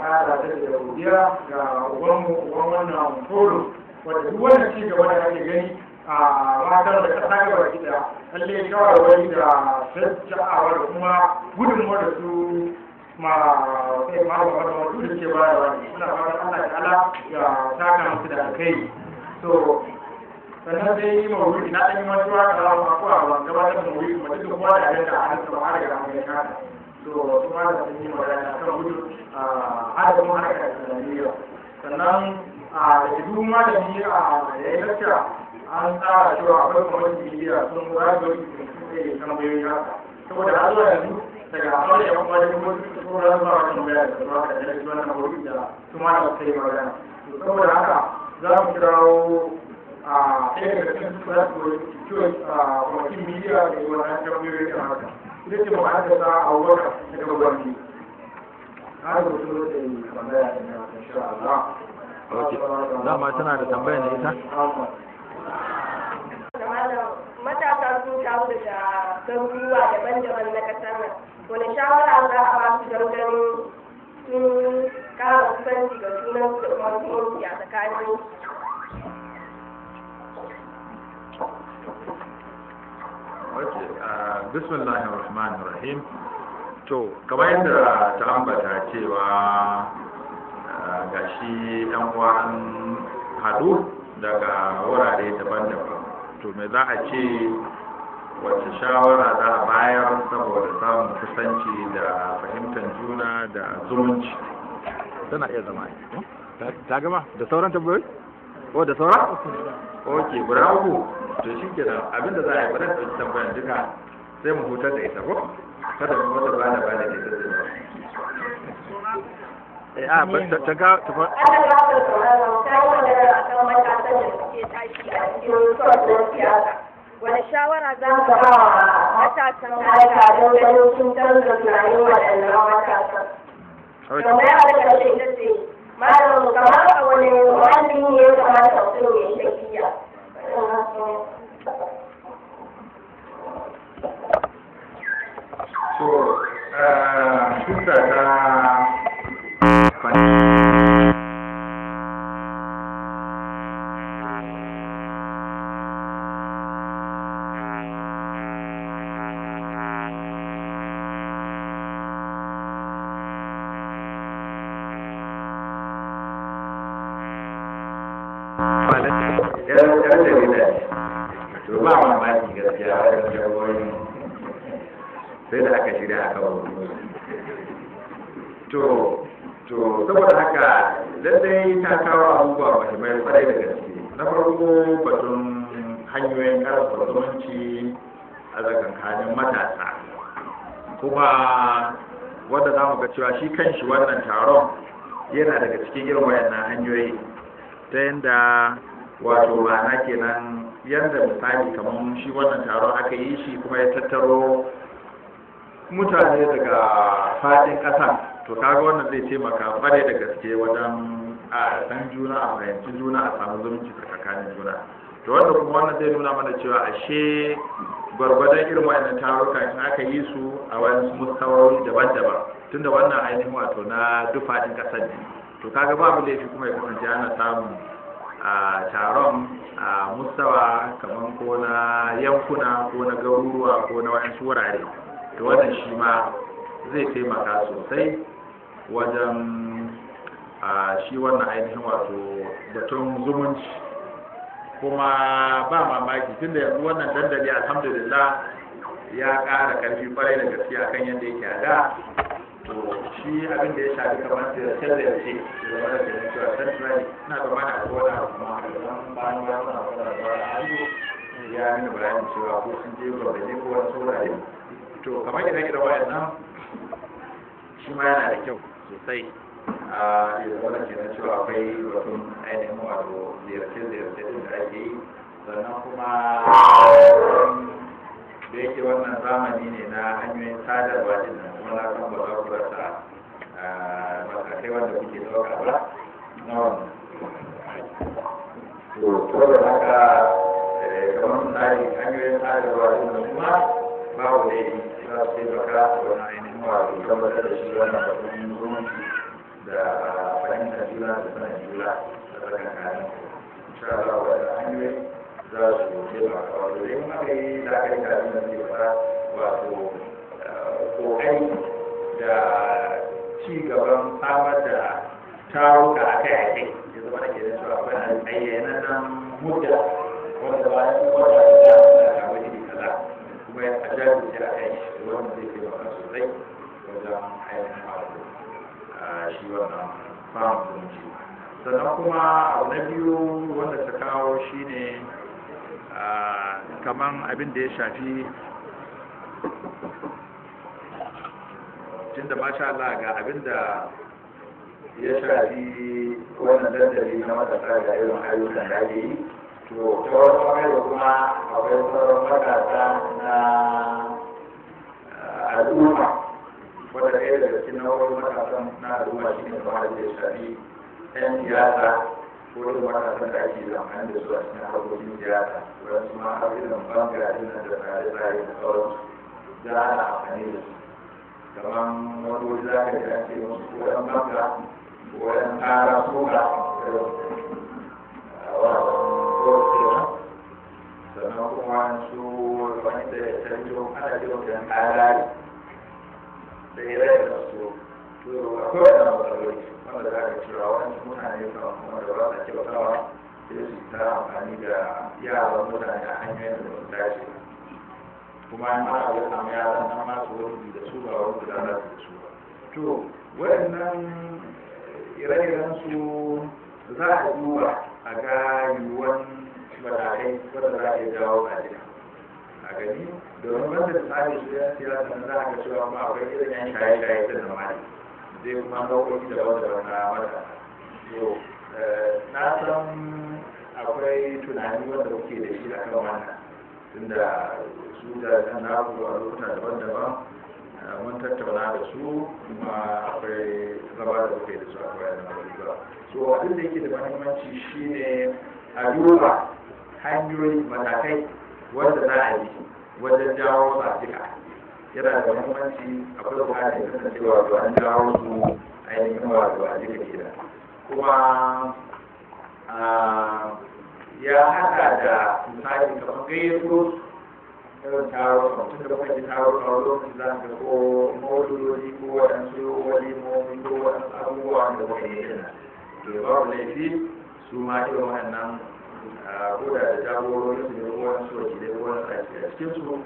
kara da godiya ga ubanmu uban wannan horo wanda duk wanda ci gaba da ake gani Ah, matar da kasa ga baki da lalle shawarwari da sajjawar kuma gudunmuwar da su ma sai eh, ma ba ba su da ke da wani. suna fatan Allah ta'ala ya saka musu da kai so sannan sai mawuri na ɗan yi mantuwa ka zama ko a ban gabatar da mawuri kuma duk kowa da yadda a hannun ba daga mai kata so su da sun yi magana kan gudu a adamu harkar da sannan a da duk malami a yayin lakta an tsara cewa akwai kwamar jiriya sun zaɓi da da tambayoyi haka saboda har zuwa yanzu daga akwai da kuma da kuma su ran zuwa kan bayar da zuwa da ɗan zuwa na wuri da kuma da kai magana saboda haka za mu kirawo a ɗaya daga cikin su za su kiwon kwamitin miliya da yi wannan tambayoyi kan haka ita ce ta a wata daga gwamnati har da su da yi tambaya da na insha Allah. Ok, dama tana da tambaya ne ita? malam matasa sun kawo da garuruwa daban-daban na ƙasar nan wani shawara za a ba su don ganin sun kara kusanci ga sunan da kuma kusanci a tsakanin bismillahir rahmanir rahim to kamar yadda ta ambata cewa ga shi yan uwa haɗu daga wurare daban-daban wato mai za a ce wace shawara za a bayar saboda samun kusanci da fahimtar juna da zumunci tana iya zama ta gama da sauran tambayoyi ko da sauran ok guda uku to shi ke nan abinda za a yi bari ɗauki tambayan duka sai mu hutar da ita ko kada mu wata bada bada da ita zai ba Eh, a ah, ba ta ga ta fa wani shawara za mu ba matasan mata don ganin sun canza tunanin waɗannan matasan. Tambaya da kashe ita ce, Malam kamar a wani wani ne ya kamata mutum ya yi tafiya. So, uh, còn sai da aka shirya aka wuri to to saboda haka lallai ta kawo abubuwa muhimmai kwarai da gaske na farko batun hanyoyin karfafa zumunci a tsakankanin matasa kuma wanda za mu ga cewa shi kan shi wannan taron yana daga cikin irin wayannan hanyoyi ta yadda wato ma'ana kenan yadda misali kamar shi wannan taron aka yi shi kuma ya tattaro mutane daga faɗin ƙasa to kaga wannan zai taimaka bare da gaske wajen a san juna a fahimci juna a samu zumunci tsakanin juna to wanda kuma wannan zai nuna mana cewa ashe gwargwadon irin wayannan taruka in aka yi su a wani mustawarori daban-daban tunda wannan ainihin wato na duk faɗin ƙasar ne to kaga babu laifi kuma ya kasance ana samun a taron a mustawa kamar ko na yankuna ko na garuruwa ko na wayansu wurare to wannan shi ma zai taimaka sosai wajen shi wannan ainihin wato batun zumunci kuma ba mamaki tunda yanzu wannan dandali alhamdulillah ya ƙara ƙarfi kwarai da gaske kan yadda yake a da to shi abin da ya shafi kamar da yace da yace da wani da yake a central ina da mana ko da abu kuma da ban ba ni ba na fara da hannu ya nuna bayanin cewa ko sun je ko bai ko wani saurare to kamar idan irin wayannan shi ma yana da kyau sosai a ya zama cewa akwai batun ainihin wato ziyarce-ziyarce da ake yi sannan kuma da yake wannan zamani ne na hanyoyin sadarwa din nan kuma na san ba za ku matakai wanda kuke ba na wannan to haka eh, kamar misali hanyoyin sadarwa din nan kuma babu da yi za su wani wato tabbatar da shi wannan batun zumunci da fahimtar juna da sanin juna da sanin kanin insha Allah wa da hanyoyi za su wato yin haka yi za ka yi da zai fara wato da ci gaban samar da taruka a kai a kai ya zama cewa akwai wanda ba ya fi da ta wani kaza kuma ya ajiyar da ya kai wanda zai sosai wajen ainihin wato shi wannan fara sannan kuma abu na biyu wanda ta kawo shi ne kaman abin da ya shafi tunda masha Allah ga abin da ya shafi wannan dandali na matasa ga irin ayyukan da ake yi to ta wata ɓangare kuma akwai sauran matasa na al'umma wata ɗaya daga cikin nau'o'in matasan na al'umma shi ne kamar da ya shafi ɗan siyasa ko da matasan da ake zamanin da su a cikin harkokin siyasa wurin su ma har irin bangaren da tsare-tsare da sauransu za a amfani da su kamar wato za ka ga ake musu ko ɗan banga ko ɗan ƙara suka sannan kuma su wani da ya canjo kada ji wata ƙarari da irayen masu to akwai waɗanda matsaloli wanda za ka cewa wani mutane kamar kuma da ba su kyautawa sai su ta amfani da yaran mutane a hanyar da su dace kuma an ma ya samu yaran nan ma su wani da su ba wani da za su su ba to waɗannan ire-iren su za a duba a ga yiwuwan matakai wanda za a iya jawo a jiya a gani domin wanda tsarin shirya siyasa na za a ga cewa ma akwai irin yan shaye shaye da zamani zai kuma nau'o'i da wanda wanda mata to eh, na san akwai tunani wanda kuke da shi a kan wannan tunda su da nan na kuma a lokuta daban-daban eh, mun tattauna da su kuma akwai gaba da kuke da su a kawai na ba so abin da yake da mahimmanci shine a duba hanyoyi matakai wanda za a yi wajen jawo su a cika yana da muhimmanci akwai bukatar cewa wato an jawo su ainihin wato a cika gida kuma ya haɗa da misali kamar gayyato irin taro mutum da kuma ji taro a lokacin za ka ko mauludi ko waɗansu walimomi ko waɗansu abubuwa da kuma yi irin to babu laifi su ma irin waɗannan a guda da jagorori su ne su a cikin su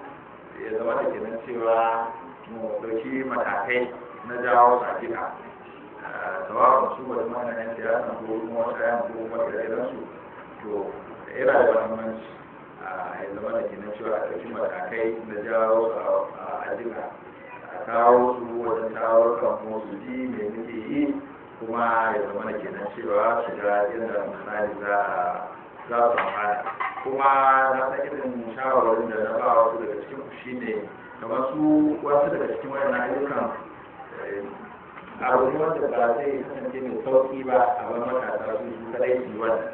ya zama da kenan cewa mu ɗauki matakai na jawo tsakika sawa'un su wani mana yan siyasa ko kuma wasu yan ko kuma ire su to yana da muhimmanci ya zama da kenan cewa a ɗauki matakai na jawo a a kawo su wajen kawo kan su ji mai muke yi kuma ya zama da kenan cewa shiga yadda misali za a za su amfana kuma na san irin shawarwarin da na ba wasu daga cikin ku ne kamar su wasu daga cikin wayan ayyukan eh, abu ne wanda ba zai kasance mai sauki ba a ban matasa su yi kadai su wannan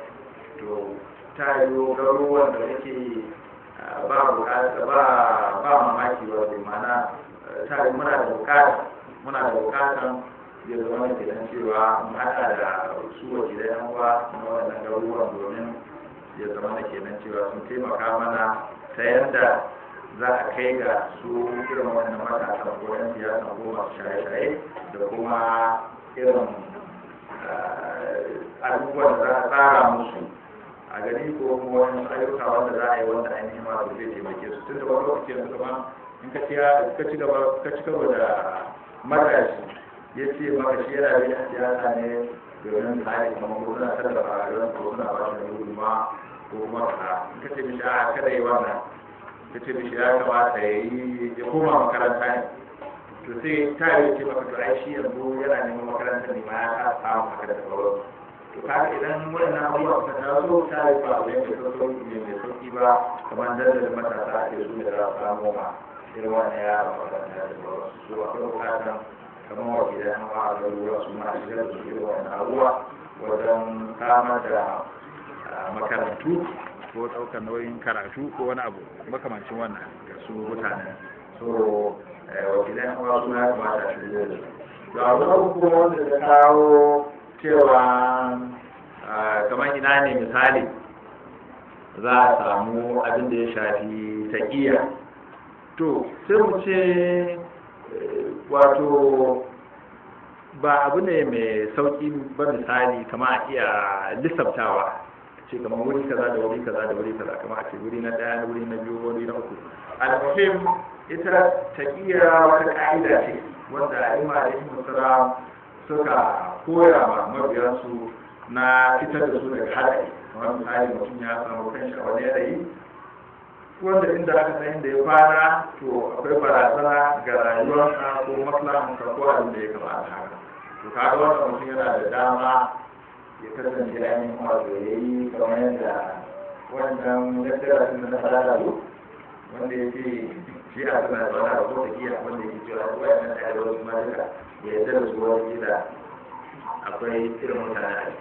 to ta yiwu garuruwan wanda yake eh, ba bukata ba ba mamaki wato mana eh, ta yi muna da bukata muna da bukatan ya zama da cewa mu haɗa da su wakilai yan uwa na wannan garuruwan domin ya zama da kenan cewa sun taimaka mana ta yadda za a kai ga su irin wannan matasan ko yan siyasa ko masu shaye-shaye da kuma irin eh, abubuwan da za a tsara musu a gani ko kuma wani ayyuka wanda za a yi wanda ainihin nema da zai taimake su tun da wani lokaci yanzu kuma in ka ci gaba ka ci gaba da matashi ya ce maka shi yana biyan siyasa ne domin tsari kuma ko suna tallafa a garin ko ba shi da gudunmawa ko maka ka ce mishi a kada yi wannan ka ce mishi ya kamata ya yi ya koma makaranta ne to sai ta yi ce maka to ai shi yanzu yana neman makaranta ne ma ya ka samu haka da sauran to kaga idan wannan abubuwa suka taso ta yi ba wai mai sauki ne mai sauki ba kamar dandalin matasa ake su da za su samu ma irin wannan yara makaranta da sauran su akwai bukatan kamar wa gidan hawa da ruwa su ma shigar da su irin wannan abubuwa wajen samar da makarantu ko ɗaukar nauyin karatu ko wani abu makamancin wannan ga su mutanen so eh, wakilan uwa suna ya kamata shi ne da abu na abu kuma wanda ta kawo cewa kamar ina ne misali za a samu abin da ya shafi ta iya, to sai mu ce eh, wato ba abu ne mai sauƙi ba misali kama a iya lissaftawa ce kamar wuri kaza da wuri kaza da wuri kaza kamar a ce wuri na ɗaya wuri na biyu wuri na uku alhim ita taƙiya wata a'ida ce wanda al'umma da ibn sara suka koya ma mabiyansu na fitar da su daga haɗari kamar misali mutum ya samu kanshi a wani yanayi wanda inda aka san inda ya fara to akwai barazana ga rayuwarsa ko maslahansa ko abin da ya kamata haka to kaga wannan mutum yana da dama ya kasance ainihin wato ya yi kamar yadda wannan gaskiya sun na fara da su wanda ya ce shi a suna fara da kiyar wanda ya ce wa wayan nan da wasu ma ya yarda da su wani da akwai irin mutane a ciki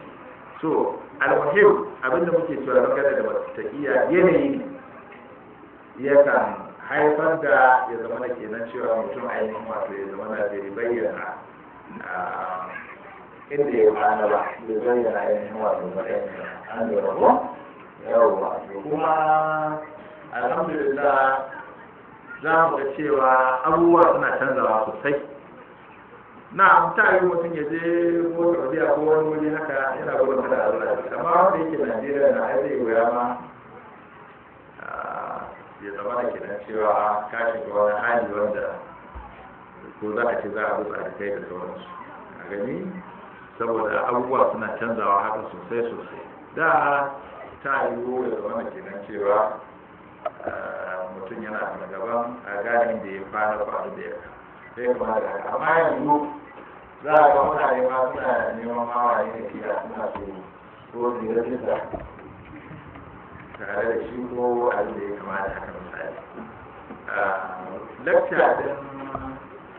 so almuhim abinda muke cewa kada da tafiya yanayi ya kan haifar da ya zama da kenan cewa mutum ainihin wato ya zama da bai bayyana ah, inda ya hana ba bai zayyana ainihin wato matsayin an da rabo yawwa kuma alhamdulillah za mu ga cewa abubuwa suna canzawa sosai na ta yi mutum ya je ko saudiya ko wani wuri haka yana gudun kada allah amma wanda yake najeriya na aiki wuya ma ah, ya zama da nan cewa ka shiga wani hali wanda ko za a ce za a rutsa da kai da sauransu a gani saboda abubuwa suna canzawa haka sosai sosai da ta yiwu da wani kenan cewa mutum yana da gaban a ganin da ya fara faru da ya sai kuma da amma yanzu za a ga mutane ma suna neman hawaye da kira suna so ko zirarsa tare da shi ko abin da ya kamata haka misali lakta din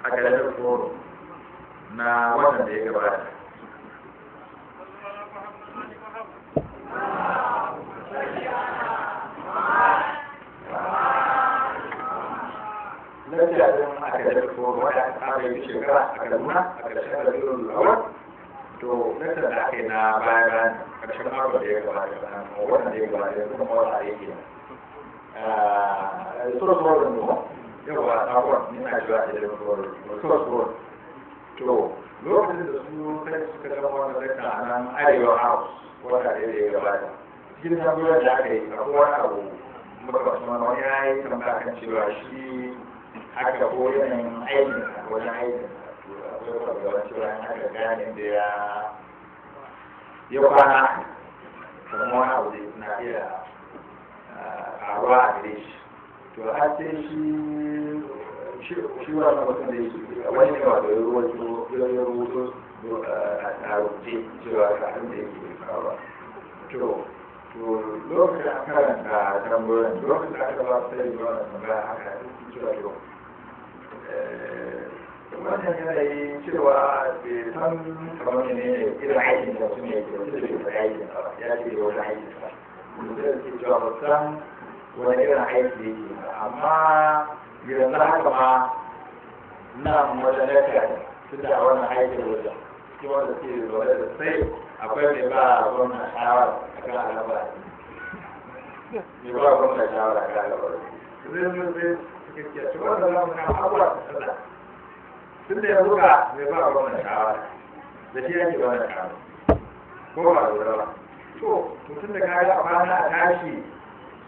a garin forum na watan da ya gabata ترجع لهم أكد الدكتور ولا أكد الشكرة أكلمنا أكد الشكرة الأول to nasarar da aka yi na baya bayan ƙarshen mako da ya gabata ba wannan da ya gabata yanzu kuma wata a yake nan sura sura da nuna yawa sakon nuna jiwa da ya sura sura to lokacin da su kai suka gama wannan rika a nan arewa house wata da ya gabata cikin sabuwar da aka yi akwai wani abu muka ba su ma wani ya yi tambaya kan cewa shi haka ko yanayin aikin wajen aikin akwai kwalgaba cewa in aka gane da ya ya kwana kuma wani abu da na iya karuwa ah, a gare shi to har sai shi shi wannan mutum da yake wani ne wato ya rubuto ya rubuto ah, a rubuce cewa ga abin da yake faruwa to to lokacin karanta tambayoyin lokacin aka ba su da yi wannan tambaya haka cewa to wannan yanayi cewa bai san kamar ne irin aikin da mutum ya ke mutum da fara aikin ba ya ce da wani aikin ba mutum da ke cewa ba san wani irin aiki yake ba amma gidan yanzu haka ma nan wajen ya kaɗa su da wannan aikin wajen cikin wanda ke zaune da sai akwai mai ba gwamna shawara a kan al'amura mai ba gwamna shawara a kan al'amura gaskiya ci wannan zamu na abubuwa da sallah tun da yanzu ka mai ba ga wannan shawara da shi yake wannan shawara ko ba da wura to mutum da kaga a bana a tashi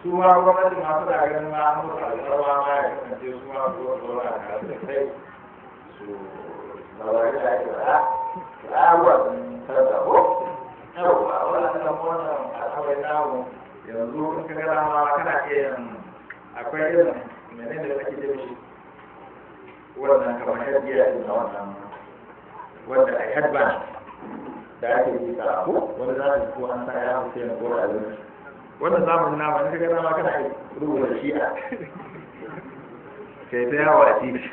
su ma gwamnati masu suna ganin ma an musu alƙarwa ma ya kasance su ma su wasu wani a tare da kai su zaura da ake ba a abubuwa sun sarrafa ko yawwa wannan wannan al'amari namu yanzu in ka gara ma kana iya yin akwai irin mene da ake shi wannan kamar hadiya din na wannan wanda da ake yi ta wanda za ta ko an ya gora a wannan zamanin na ba ni kaga kana rubuta shi'a kai ta yawa a titi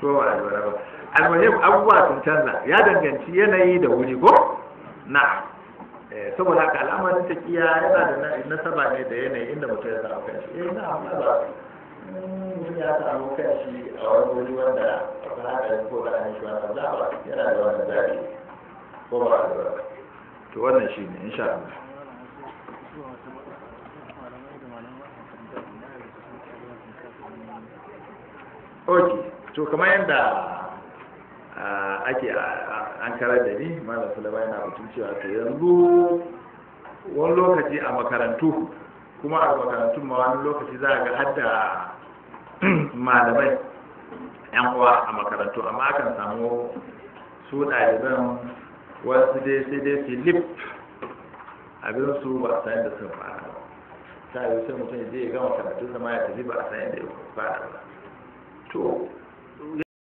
ko ba da ba almuhim abubuwa sun canza ya danganci yanayi da wuri ko na'am Eh, saboda haka al'amarin ta kiya yana da nasaba ne da yanayi inda mutum ya samu kanshi eh na amma ba mutum ya samu kanshi a wani wuri wanda haka hadarin ko ra'ayin shi wani za ba yana da wani zaɓi ko ba da ba to wannan shi ne insha Allah ok to kamar yadda ake an karar da ni malam sulaiman yana batun cewa to yanzu wani lokaci a makarantu kuma a makarantu ma wani lokaci za a ga hadda malamai yan uwa a makarantu amma akan samu su ɗaliban wasu dai sai dai filip abin su ba a san da sun fara ta yi sai mutum ya je ya gama karatu sama ya tafi ba a san da ya fara ba to